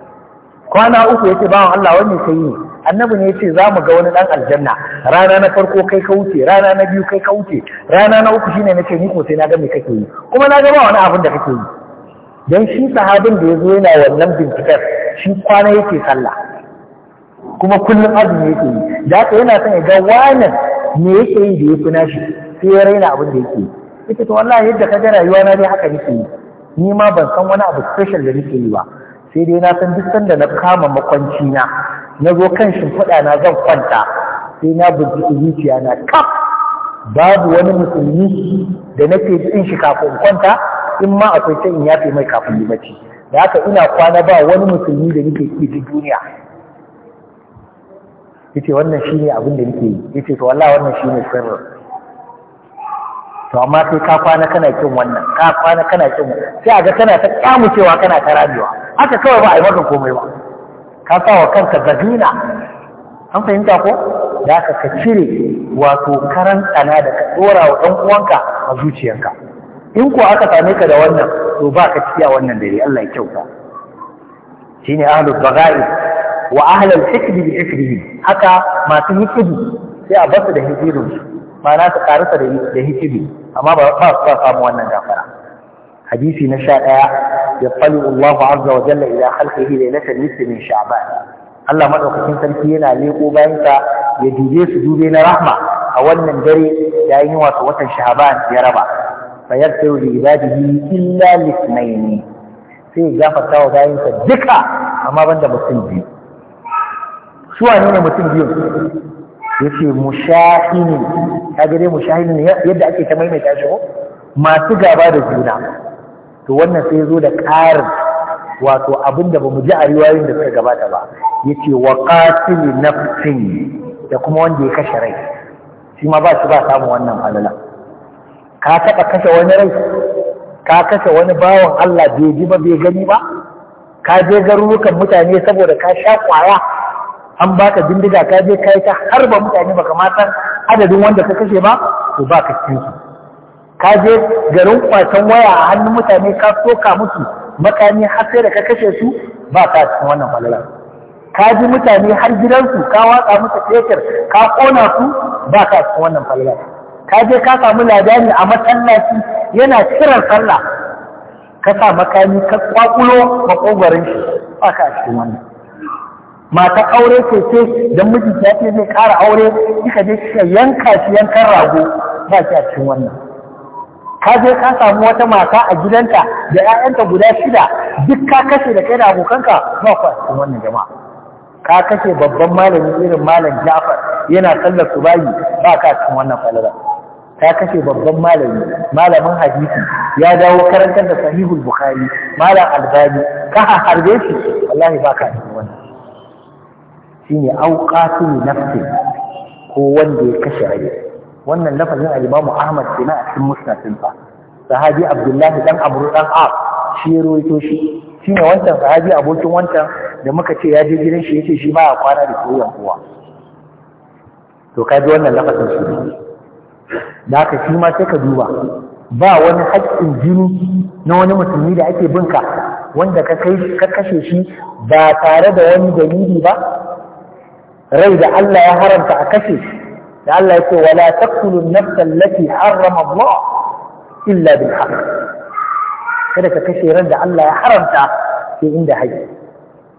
A: kwana uku yace bawan Allah wannan sai ne annabi ne yace zamu ga wani dan aljanna rana na farko kai ka wuce rana na biyu kai ka wuce rana na uku shine nace ni ko sai na ga me kake yi kuma na ga ba wani abin da kake yi dan shi sahabin da yazo yana wannan bincikar shi kwana yake sallah kuma kullum azumi yake yi da haka yana son ya ga wannan me yake yi da yafi nashi sai ya raina abin da yake yi ita to wallahi yadda ka ga rayuwa na dai haka nake yi ni ma ban san wani abu special da nake yi ba sai dai na san duk sanda na kama makwanci na na zo kan shimfiɗa na zan kwanta sai na buji zuciya na kaf babu wani musulmi da nake jin shi kafin kwanta in ma akwai sai in yafe mai kafin yi bacci da haka ina kwana ba wani musulmi da nake ki duk duniya yace wannan shine abin da nake yi yace to wallahi wannan shine sirrin to amma sai ka kwana kana kin wannan ka kwana kana kin sai a ga kana ta kyamu cewa kana ta rabewa aka kawai ba a yi maka komai ba ka sa wa kanka gabina an fahimta ko da aka ka cire wato karan tsana da ka tsora wa ɗan uwanka a zuciyarka in ko aka same ka da wannan to ba ka ciya wannan dare Allah ya kyauta shine ahlul bagai wa ahlul hikmi bi haka masu hikimi sai a basu da hikimin su na su karasa da hikibi amma ba su samu wannan gafara hadisi na sha ɗaya ya fali Allah azza wa jalla ila khalqihi lailatul nisfi min sha'ban Allah maɗaukacin sarki yana leko bayansa ya dube su dube na rahma a wannan dare da yin wato watan sha'ban ya raba fa yaghfiru li ibadihi illa lisnayn sai ya bayansa duka amma banda mutum biyu su wane ne mutum biyu yace mushahinin kaga dai mushahinin yadda ake ta maimaita shi ko masu gaba da juna to wannan sai zo da ƙarin wato abinda da ba mu ji a riwayoyin da suka gabata ba ya ce wa qatil nafsin da kuma wanda ya kashe rai shi ma ba shi ba samun wannan alala ka taba kashe wani rai ka kashe wani bawon Allah bai ji ba bai gani ba ka je garurukan mutane saboda ka sha kwaya an baka bindiga ka je kai ta harba mutane baka ma adadin wanda ka kashe ba to ba ka cikin ka je garin kwacen waya a hannun mutane ka soka musu makami har sai da ka kashe su ba ka cikin wannan falala ka ji mutane har gidansu ka watsa musu fetur ka kona su ba ka cikin wannan falala ka je ka samu ladani a masallaci yana kiran sallah ka sa makami ka kwakulo makogwarin shi ba ka cikin wannan mata aure ce ce don miji ya ce zai kara aure kika je kika yanka shi yankan rago ba ka cikin wannan ka je ka samu wata mata a gidanta da 'ya'yanta guda shida duk ka kashe da kai da abokanka ba ku a cikin wannan jama'a ka kashe babban malami irin malam Ja'far yana sallar bayi ba ka cikin wannan falala ta kashe babban malami malamin hadisi ya dawo karantar da sahihul bukhari malam albani ka harbe shi wallahi ba ka cikin wannan shine auqatu nafsi ko wanda ya kashe rai wannan lafazin al Ahmad Ahmad na a cikin musnadinsa sahabi Abdullahi dan Amr dan Ab shi roito shi shine wancan sahabi abokin wancan da muka ce ya je gidan shi ya ce shi ba ya kwana da koyan kowa to ka bi wannan lafazin shi da haka shi ma sai ka duba ba wani haƙƙin jini na wani musulmi da ake binka wanda ka ka kashe shi ba tare da wani dalili ba rai da Allah ya haramta a kashe shi لعل يقول ولا تقتلوا النفس التي حرم الله إلا بالحق
B: هذا كشي رد على حرمت
A: في عند حي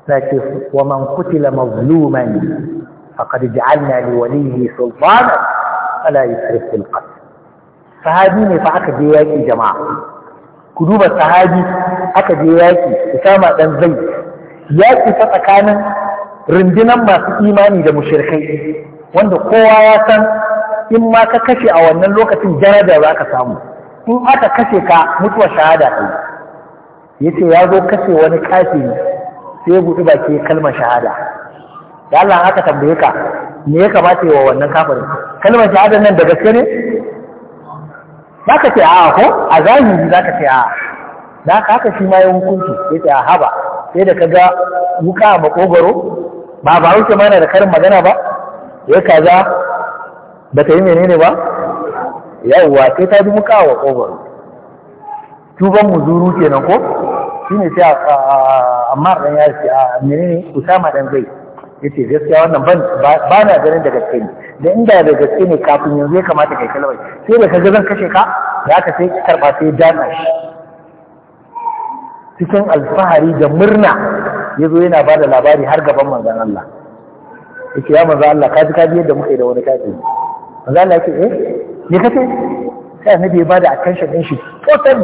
A: لكن ومن قتل مظلوما فقد جعلنا لوليه سلطانا فلا يسرف القتل فهذين فعك دياكي جماعة قلوب السهادي أكا دياكي إسامة بن زيد ياكي فتكان رندنا ما في إيماني دمشرخي wanda kowa ya san in ma ka kashe a wannan lokacin daraja za ka samu in aka kashe ka mutuwa shahada Ya ce ya zo kashe wani ne sai gudu ba ke kalmar shahada da Allah aka tambaye ka me ya kamata wa wannan kafin kalmar shahada nan da gaske ne za ka ce a'a ko a zahiri za ka ce a'a da haka shi ma ya hukunci ya ce a haba sai da ka ga wuka a makogaro ba ba wuce mana da karin magana ba ya kaza ba ta yi menene ba yawwa sai ta bi muka wa ƙobar tuban muzuru kenan ko ne sai a dan ya ce a menene usama dan zai yace gaskiya wannan ba na ganin da gaske ne da inda da gaske ne kafin yanzu ya kamata kai kalabai. sai da kaga zan kashe ka da aka sai karba sai dana shi cikin alfahari da murna Ya zo yana ba da labari har gaban manzan Allah yake ya manzo Allah kaji kaji yadda muka yi da wani kafi manzo Allah yake eh sai annabi ya bada attention din shi total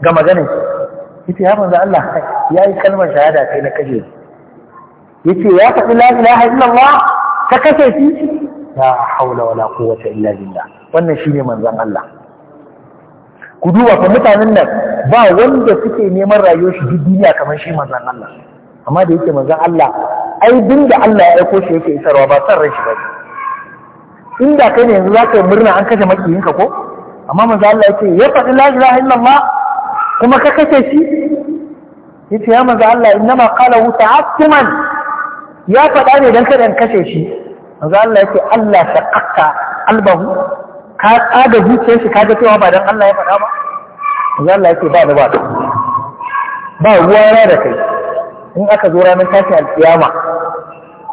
A: ga maganar yace ya manzo Allah yayi kalmar shahada sai na kashe ya faɗi la ilaha illallah ka kashe shi la haula wala quwwata illa billah wannan shine manzon Allah ku duba fa mutanen nan ba wanda suke neman rayuwar shi duk duniya kamar shi manzon Allah amma da yake manzan Allah ai din da Allah ya aiko shi yake isarwa ba san rashi shi ba inda kai ne yanzu zaka yi murna an kashe ka ko amma manzan Allah yake ya faɗi la ilaha illallah kuma ka kashe shi yace ya manzan Allah innama wuta? ta'attuman ya faɗa ne dan kada kashe shi manzan Allah yake Allah shaqqa albahu ka tsaga zuciyar shi ka ga cewa ba dan Allah ya faɗa ba manzan Allah yake ba da ba ba ruwa da kai in aka zo ranar tashi alkiyama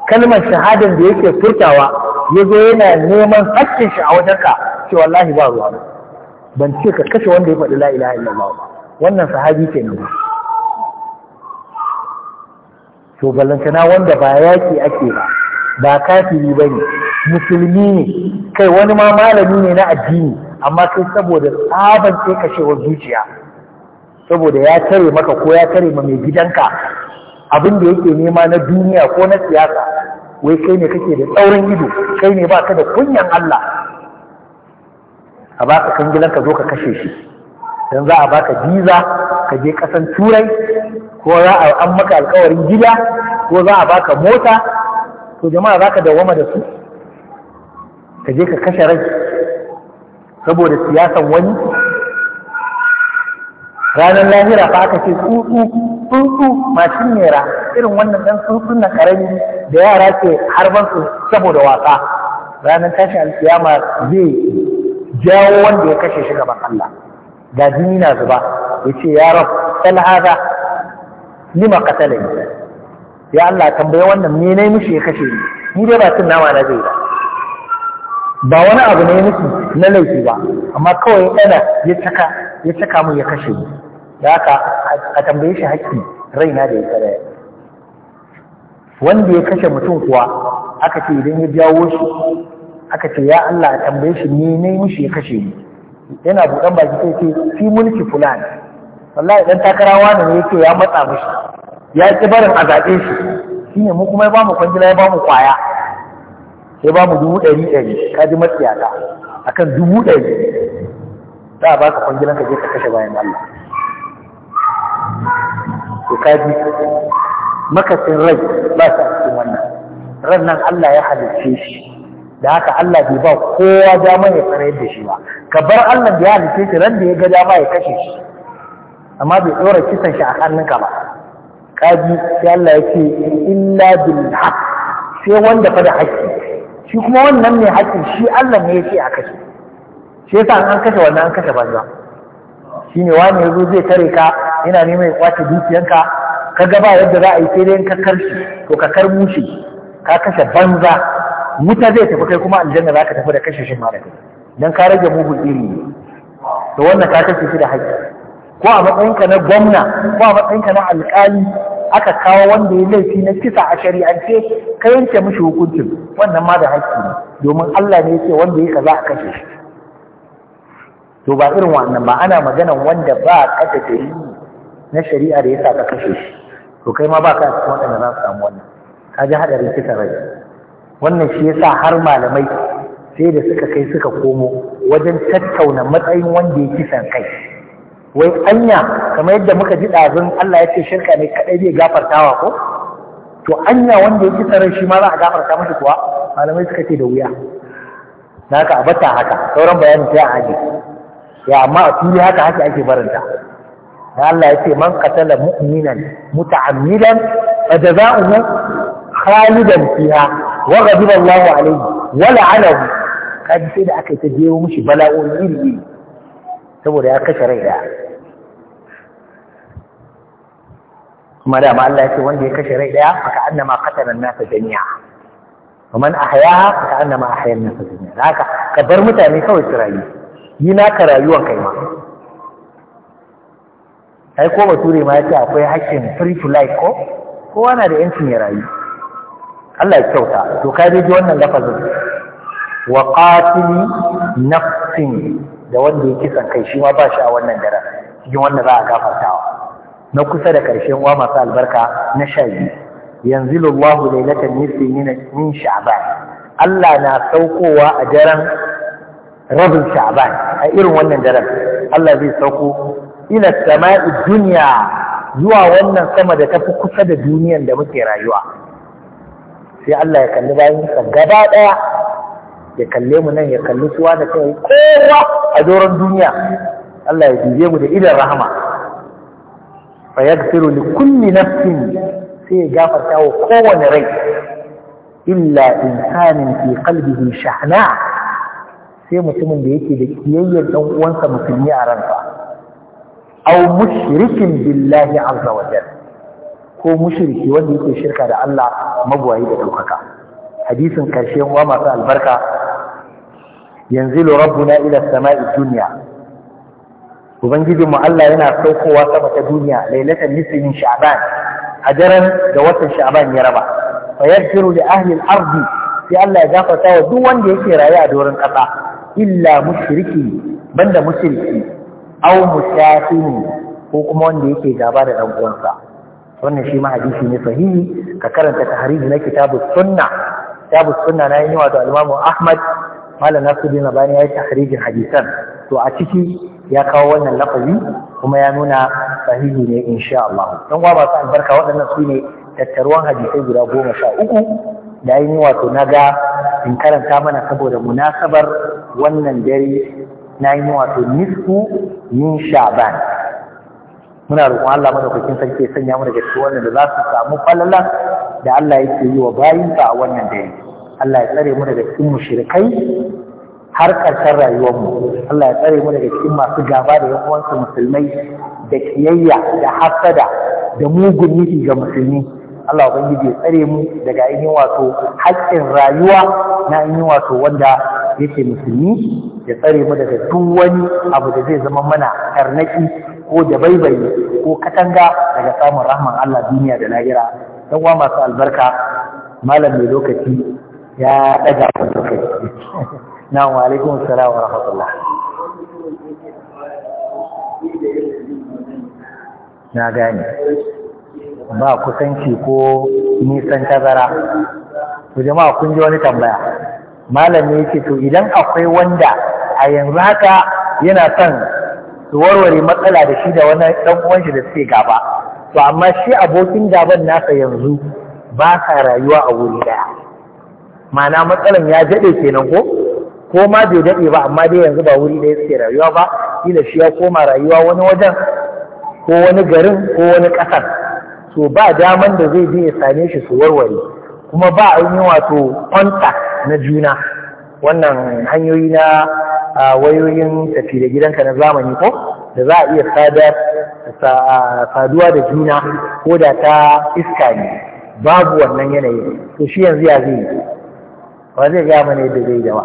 B: kalmar shahadar da yake furtawa ya zo yana
A: neman hakkin shi a wajenka ce wallahi ba ruwa ba ban ce ka kashe wanda ya faɗi la ilaha illallah ba wannan sahabi ke nan to na wanda ba yaki ake ba ba kafiri ba ne musulmi ne kai wani ma malami ne na addini amma kai saboda tsaban ce kashewar zuciya saboda ya tare maka ko ya tare ma mai gidanka abin da yake nema na duniya ko na siyasa wai kai ne kake da tsaurin ido kai ne ba ka da kunyan Allah a ba ka kangilan ka zo ka kashe shi don za a ba ka biza ka je kasan turai ko za a an maka alkawarin gida ko za a ba ka mota to jama'a ka dawama da su ka je ka kashe rai saboda siyasan wani ranar lahira fa aka ce tsutsu tsutsu masu mera irin wannan ɗan tsutsu na ƙarami da yara ke harban su saboda wasa ranar tashin alkiyama zai jawo wanda ya kashe shi gaban Allah ga jini na zuba ya ce ya rab sal haza lima qatalani ya Allah tambaye wannan me nayi mishi ya kashe ni ni dai ba tun nama na zai ba ba wani abu ne mishi na laifi ba amma kawai yana ya caka ya caka mun ya kashe ni da haka a tambaye shi haƙƙi raina da ya tsare wanda ya kashe mutum kuwa aka ce idan ya jawo shi aka ce ya Allah a tambaye shi ni ne mishi ya kashe ni yana buɗan baki sai ce fi mulki fulani wallahi dan takarawa ne yake ya matsa mishi ya ki barin a zaɓe shi shine mu kuma ya bamu kwangila ya bamu kwaya sai bamu dubu ɗari ɗari ka ji matsiyata akan dubu ɗari za a baka kwangilan ka je ka kashe bayan Allah to kaji makasin rai ba su a cikin wannan ran nan Allah ya halicce shi da haka Allah bai ba kowa dama ya tsare da shi ba ka bar Allah da ya halicce shi ran da ya ga dama ya kashe shi amma bai ɗora kisan shi a hannunka ba kaji sai Allah ya ce illa bil haqq sai wanda fa da haƙƙi shi kuma wannan mai haƙƙi shi Allah ne ya ce a kashe shi yasa an kashe wannan an kashe banza Shi ne wani zo zai kare ka yana neman ya kwace dukiyanka ka ga ba yadda za a yi sai ka karshe to ka kar mushi ka kashe banza wuta zai tafi kai kuma aljanna za ka tafi da kashe shi ma da kai dan ka rage mugun iri ne to wannan ka kashe shi da haƙƙi ko a matsayinka na gwamna ko a matsayinka na alƙali aka kawo wanda ya laifi na kisa a shari'ance ka yanke mishi hukuncin wannan ma da haƙƙi ne domin Allah ne ya ce wanda ya kaza a kashe shi to ba irin wannan ba ana maganan wanda ba kada dalili na shari'a da yasa ka kashe shi to kai ma ba ka cikin waɗanda za su samu wannan ka ji haɗarin kisa rai wannan shi yasa har malamai sai da suka kai suka komo wajen tattauna matsayin wanda ya kisan kai wai anya kamar yadda muka ji ɗazun Allah ya ce shirka ne kaɗai zai gafartawa ko to anya wanda ya kisan rai shi ma za a gafarta mashi kuwa malamai suka ce da wuya na haka a bata haka sauran bayanin sai a ajiye ya amma a fili haka haka ake baranta da Allah ya ce man qatala mu'minan muta'ammidan fajaza'uhu khalidan fiha wa ghadiba Allah alayhi wa la'anahu kaji sai da aka yi ta jewo mishi bala'o'i iri iri saboda ya kashe rai daya kuma da ma Allah ya ce wanda ya kashe rai daya faka annama qatala an-nasa jami'a ومن أحياها فكأنما أحيا الناس جميعا هكا كبر متى من كوي سرائيل yi naka rayuwar kai ma ai ko bature ma yace akwai hakkin free to life ko kowa na da yancin ya rayu Allah ya kyauta to kai ji wannan lafazin wa qatili nafsin da wanda ya kisan kai shi ma ba shi a wannan daren cikin wanda za a gafartawa na kusa da karshen wa masu albarka na shayi biyu yanzu lullahu lailatan nisfi min sha'ban Allah na saukowa a daren rabin sha'ban a irin wannan daren Allah zai sauko ila sama'i duniya zuwa wannan sama da tafi kusa da duniyan da muke rayuwa sai Allah ya kalli bayan sa gaba daya ya kalle mu nan ya kalli suwa da kai
B: kowa
A: a doron duniya Allah ya duje mu da idan rahama fa yaghfiru li kulli nafsin sai ya gafarta wa kowane rai illa insanin fi qalbihi shahna' sai mutumin da yake da kiyayyar ɗan uwansa musulmi a ransa Au mushrikin billahi azza wa ko mushriki wanda yake shirka da Allah magwayi da daukaka hadisin karshe wa masu albarka yanzilu rabbuna ila samai dunya ubangijin mu Allah yana saukowa sama ta duniya lailatul nisfin sha'ban a daren da watan sha'ban ya raba fa yaghfiru li ahli al sai Allah ya gafarta wa duk wanda yake rayu a doron kasa illa mushriki banda mushriki aw musafiri ko kuma wanda yake gaba da dan uwansa wannan shi ma hadisi ne sahihi ka karanta tahriji na kitabu sunna kitabu sunna na yi wato al-Imam Ahmad malam Nasiruddin Albani ya yi tahrijin hadisan to a ciki ya kawo wannan lafazi kuma ya nuna sahihi ne insha Allah dan gwa ba albarka waɗannan su ne tattaruwan hadisai guda goma sha uku da ni wato na ga in karanta mana saboda munasabar wannan dare na ni wato nisku min sha'ban muna roƙon Allah kokin sarki ya sanya mu daga wannan da za su samu falala da Allah yake yi wa bayinsa a wannan dare Allah ya tsare mu daga cikin mushrikai har rayuwar rayuwarmu Allah ya tsare mu daga cikin masu gaba da yan uwansu musulmai da kiyayya da hasada da mugun nufi ga musulmi Allah ubangiji ya tsare mu daga ainihin wato haƙƙin rayuwa na ainihin wato wanda yake musulmi ya tsare mu daga duk wani abu da zai zama mana karnaki ko da baibayi ko katanga daga samun rahman Allah duniya da lahira dan wa masu albarka malam mai lokaci ya daga na *laughs* wa alaikum assalam wa rahmatullah na gane ba kusanci ko nisan tazara to jama'a kun ji wani tambaya malami yake to idan akwai wanda a yanzu haka yana son su warware matsala da shi da wani dan uwan shi da suke gaba to amma shi abokin gaban nasa yanzu ba sa rayuwa a wuri daya ma'ana matsalan ya daɗe kenan ko ko ma bai daɗe ba amma dai yanzu ba wuri daya suke rayuwa ba kila shi ya koma rayuwa wani wajen ko wani garin ko wani ƙasar to ba daman da zai je ya same shi su warware kuma ba a yi wato kwanta na juna wannan hanyoyi na wayoyin tafi da gidanka na zamani ko da za a iya sadar saduwa da juna ko da ta iska ne babu wannan yanayi to shi yanzu ya zai ba zai gaya mana yadda zai dawa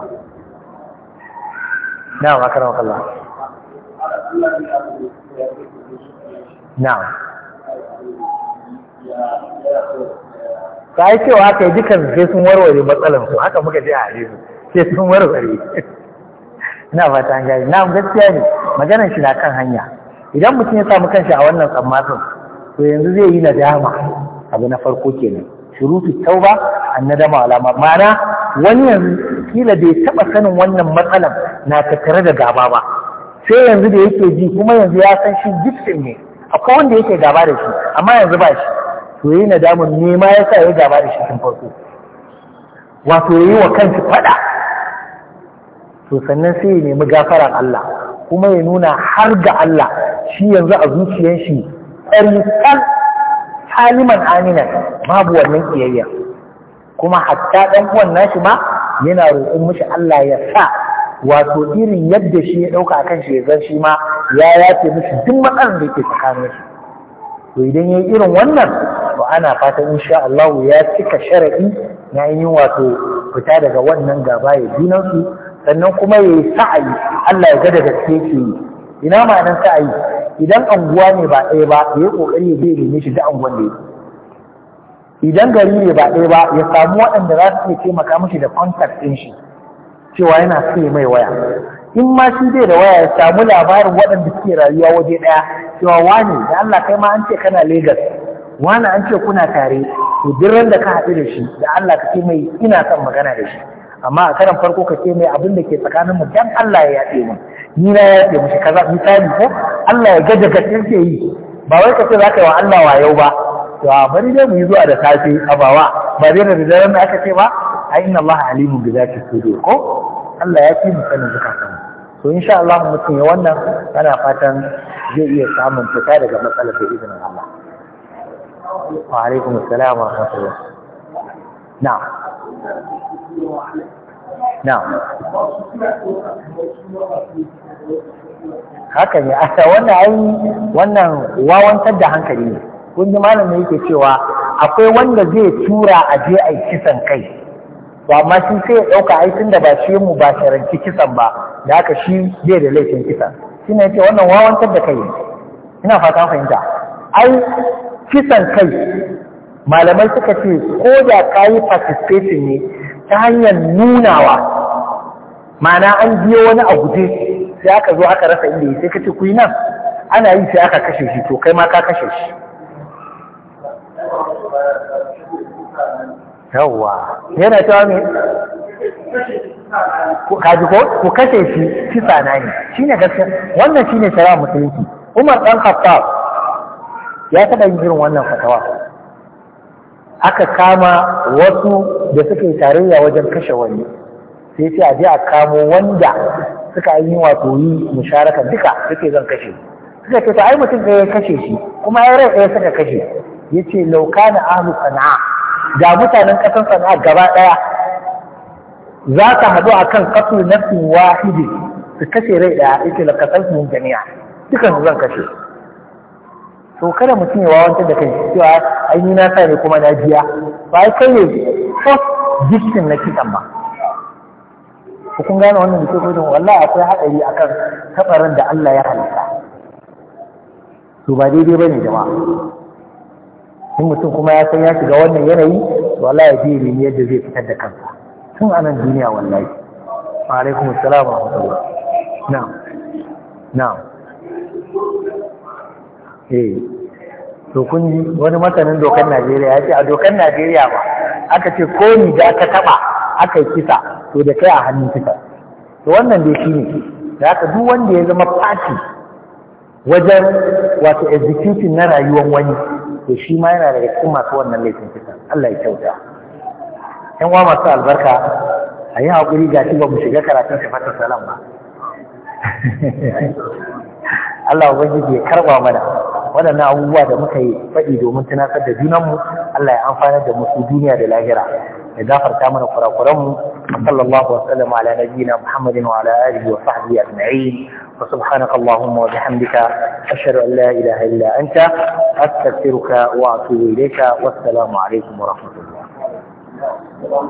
A: na makarar Allah na
B: ta yi cewa aka yi dukan sai sun warware
A: matsalar su haka muka jiya a hadisu sai sun warware ina fata an gani na gaskiya ne maganar shi na kan hanya idan mutum ya samu kanshi a wannan tsammatin to yanzu zai yi nadama abu na farko kenan shurutu tauba an nadama alama Mana wani yanzu kila bai taba sanin wannan matsalar na tattare da gaba ba sai yanzu da yake ji kuma yanzu ya san shi ne akwai wanda yake gaba da shi amma yanzu ba shi to yi nadamun nema ya sa ya gaba da shi tun farko wato yi wa kansu fada to sannan sai ya nemi gafaran Allah kuma ya nuna har ga Allah shi yanzu a zuciyar shi tsarikan haliman aminan babu wannan kiyayya kuma hatta ɗan uwan nashi ma yana roƙon mishi Allah ya sa wato irin yadda shi ya ɗauka akan shi ya zan shi ma ya yafe mishi duk matsalar da ke tsakanin shi to idan yayi irin wannan to ana fatan insha Allah ya cika shar'i na yin wato fita daga wannan gaba ya junan su sannan kuma yayi sa'ayi Allah ya ga da gaske ke ina ma'anar sa'ayi idan anguwa ne ba ɗaya ba yayi kokari ya je ne shi da anguwan da idan gari ne ba ɗaya ba ya samu waɗanda za su iya taimaka mashi da contact ɗin shi cewa yana sai mai waya in ma shi dai da waya ya samu labarin waɗanda suke rayuwa waje ɗaya cewa wani da Allah kai ma an ce kana Legas wani an ce kuna tare to duk da ka haɗu da shi da Allah ka ce mai ina son magana da shi amma a karan farko ka ce mai abin da ke tsakanin mu dan Allah ya yaɗe mu ni na yaɗe mu kaza misali ko Allah ya gaja gaske ke yi ba wai ka ce za ka yi wa Allah wayo ba to a bari dai mu yi zuwa da safe a bawa ba dai da daren da aka ce ba a inna Allah alimun bi zati sudur ko Allah ya fi mu sanin zukatan to sha Allah mutum ya wannan yana fatan zai iya samun fita daga matsalar da izinin Allah wa alaikum salam wa rahmatullah Na.
B: Na. haka ne a *laughs* wannan
A: ai wannan wawantar da hankali ne kun ji malamin yake cewa akwai wanda zai tura a je a kisan kai ba ma shi sai ya ɗauka ai da ba shi mu ba sharanci kisan ba da haka shi zai da laifin kisa? shi ne yake wannan wawantar da kai ina fatan fahimta
B: ai kisan kai malamai suka ce
A: ko da kayi yi participation ne ta hanyar nunawa ma'ana an biyo wani a guje sai aka zo aka rasa inda yi sai ka ce ku yi nan ana yi sai aka kashe shi to kai ma ka kashe
B: shi yawwa yana cewa me kaji ko ku kashe
A: shi shi tsana ne ne gaskiya wannan ne shari'a musulunci Umar dan Khattab ya taɓa yin irin wannan fatawa aka kama wasu da suka yi tarayya wajen kashe wani sai ce a je a kamo wanda suka yi wato yi musharaka duka suke zan kashe suka ce ta ai mutum ɗaya kashe shi kuma ya rai ɗaya suka kashe ya ce laukana ahlu sana'a ga mutanen ƙasar sana'a gaba ɗaya za ka haɗu a kan ƙasar nafsin hidi su kashe rai ɗaya ita da ƙasar mun jami'a dukan zan kashe to kada mutum ya wancan da kai cewa ai ni na sa ne kuma na biya ba ai kai ne first victim na kitan ba ku kun gane wannan da ke gudun wallahi akwai haɗari akan tabarin da Allah ya halitta to ba daidai bane jama'a in mutum kuma ya san ya shiga wannan yanayi to Allah ya biye ne yadda zai fitar da kansa tun a nan duniya wallahi wa alaikum assalam wa rahmatullah na'am na'am eh to kun ji wani masanin dokar Najeriya ya ce a dokar Najeriya ba aka ce ko ni da aka taba aka yi kisa to da kai a hannun kisa to wannan dai shine da aka duk wanda ya zama fati wajen wato executing na rayuwar wani to shi ma yana daga cikin masu wannan laifin kisan Allah ya kyauta Yanwa wa masu albarka a yi haƙuri ga shi ba mu shiga karatun fata salam ba
B: *laughs*
A: Allah ubangiji ya karɓa mana waɗannan abubuwa da muka yi faɗi domin tunatar da junanmu Allah ya amfana da musu duniya da lahira يغفر كامل وفراقرم صلى الله وسلم على نبينا محمد وعلى آله وصحبه أجمعين وسبحانك اللهم وبحمدك اشهد أن لا إله إلا
B: أنت أستغفرك وأتوب إليك والسلام عليكم ورحمة الله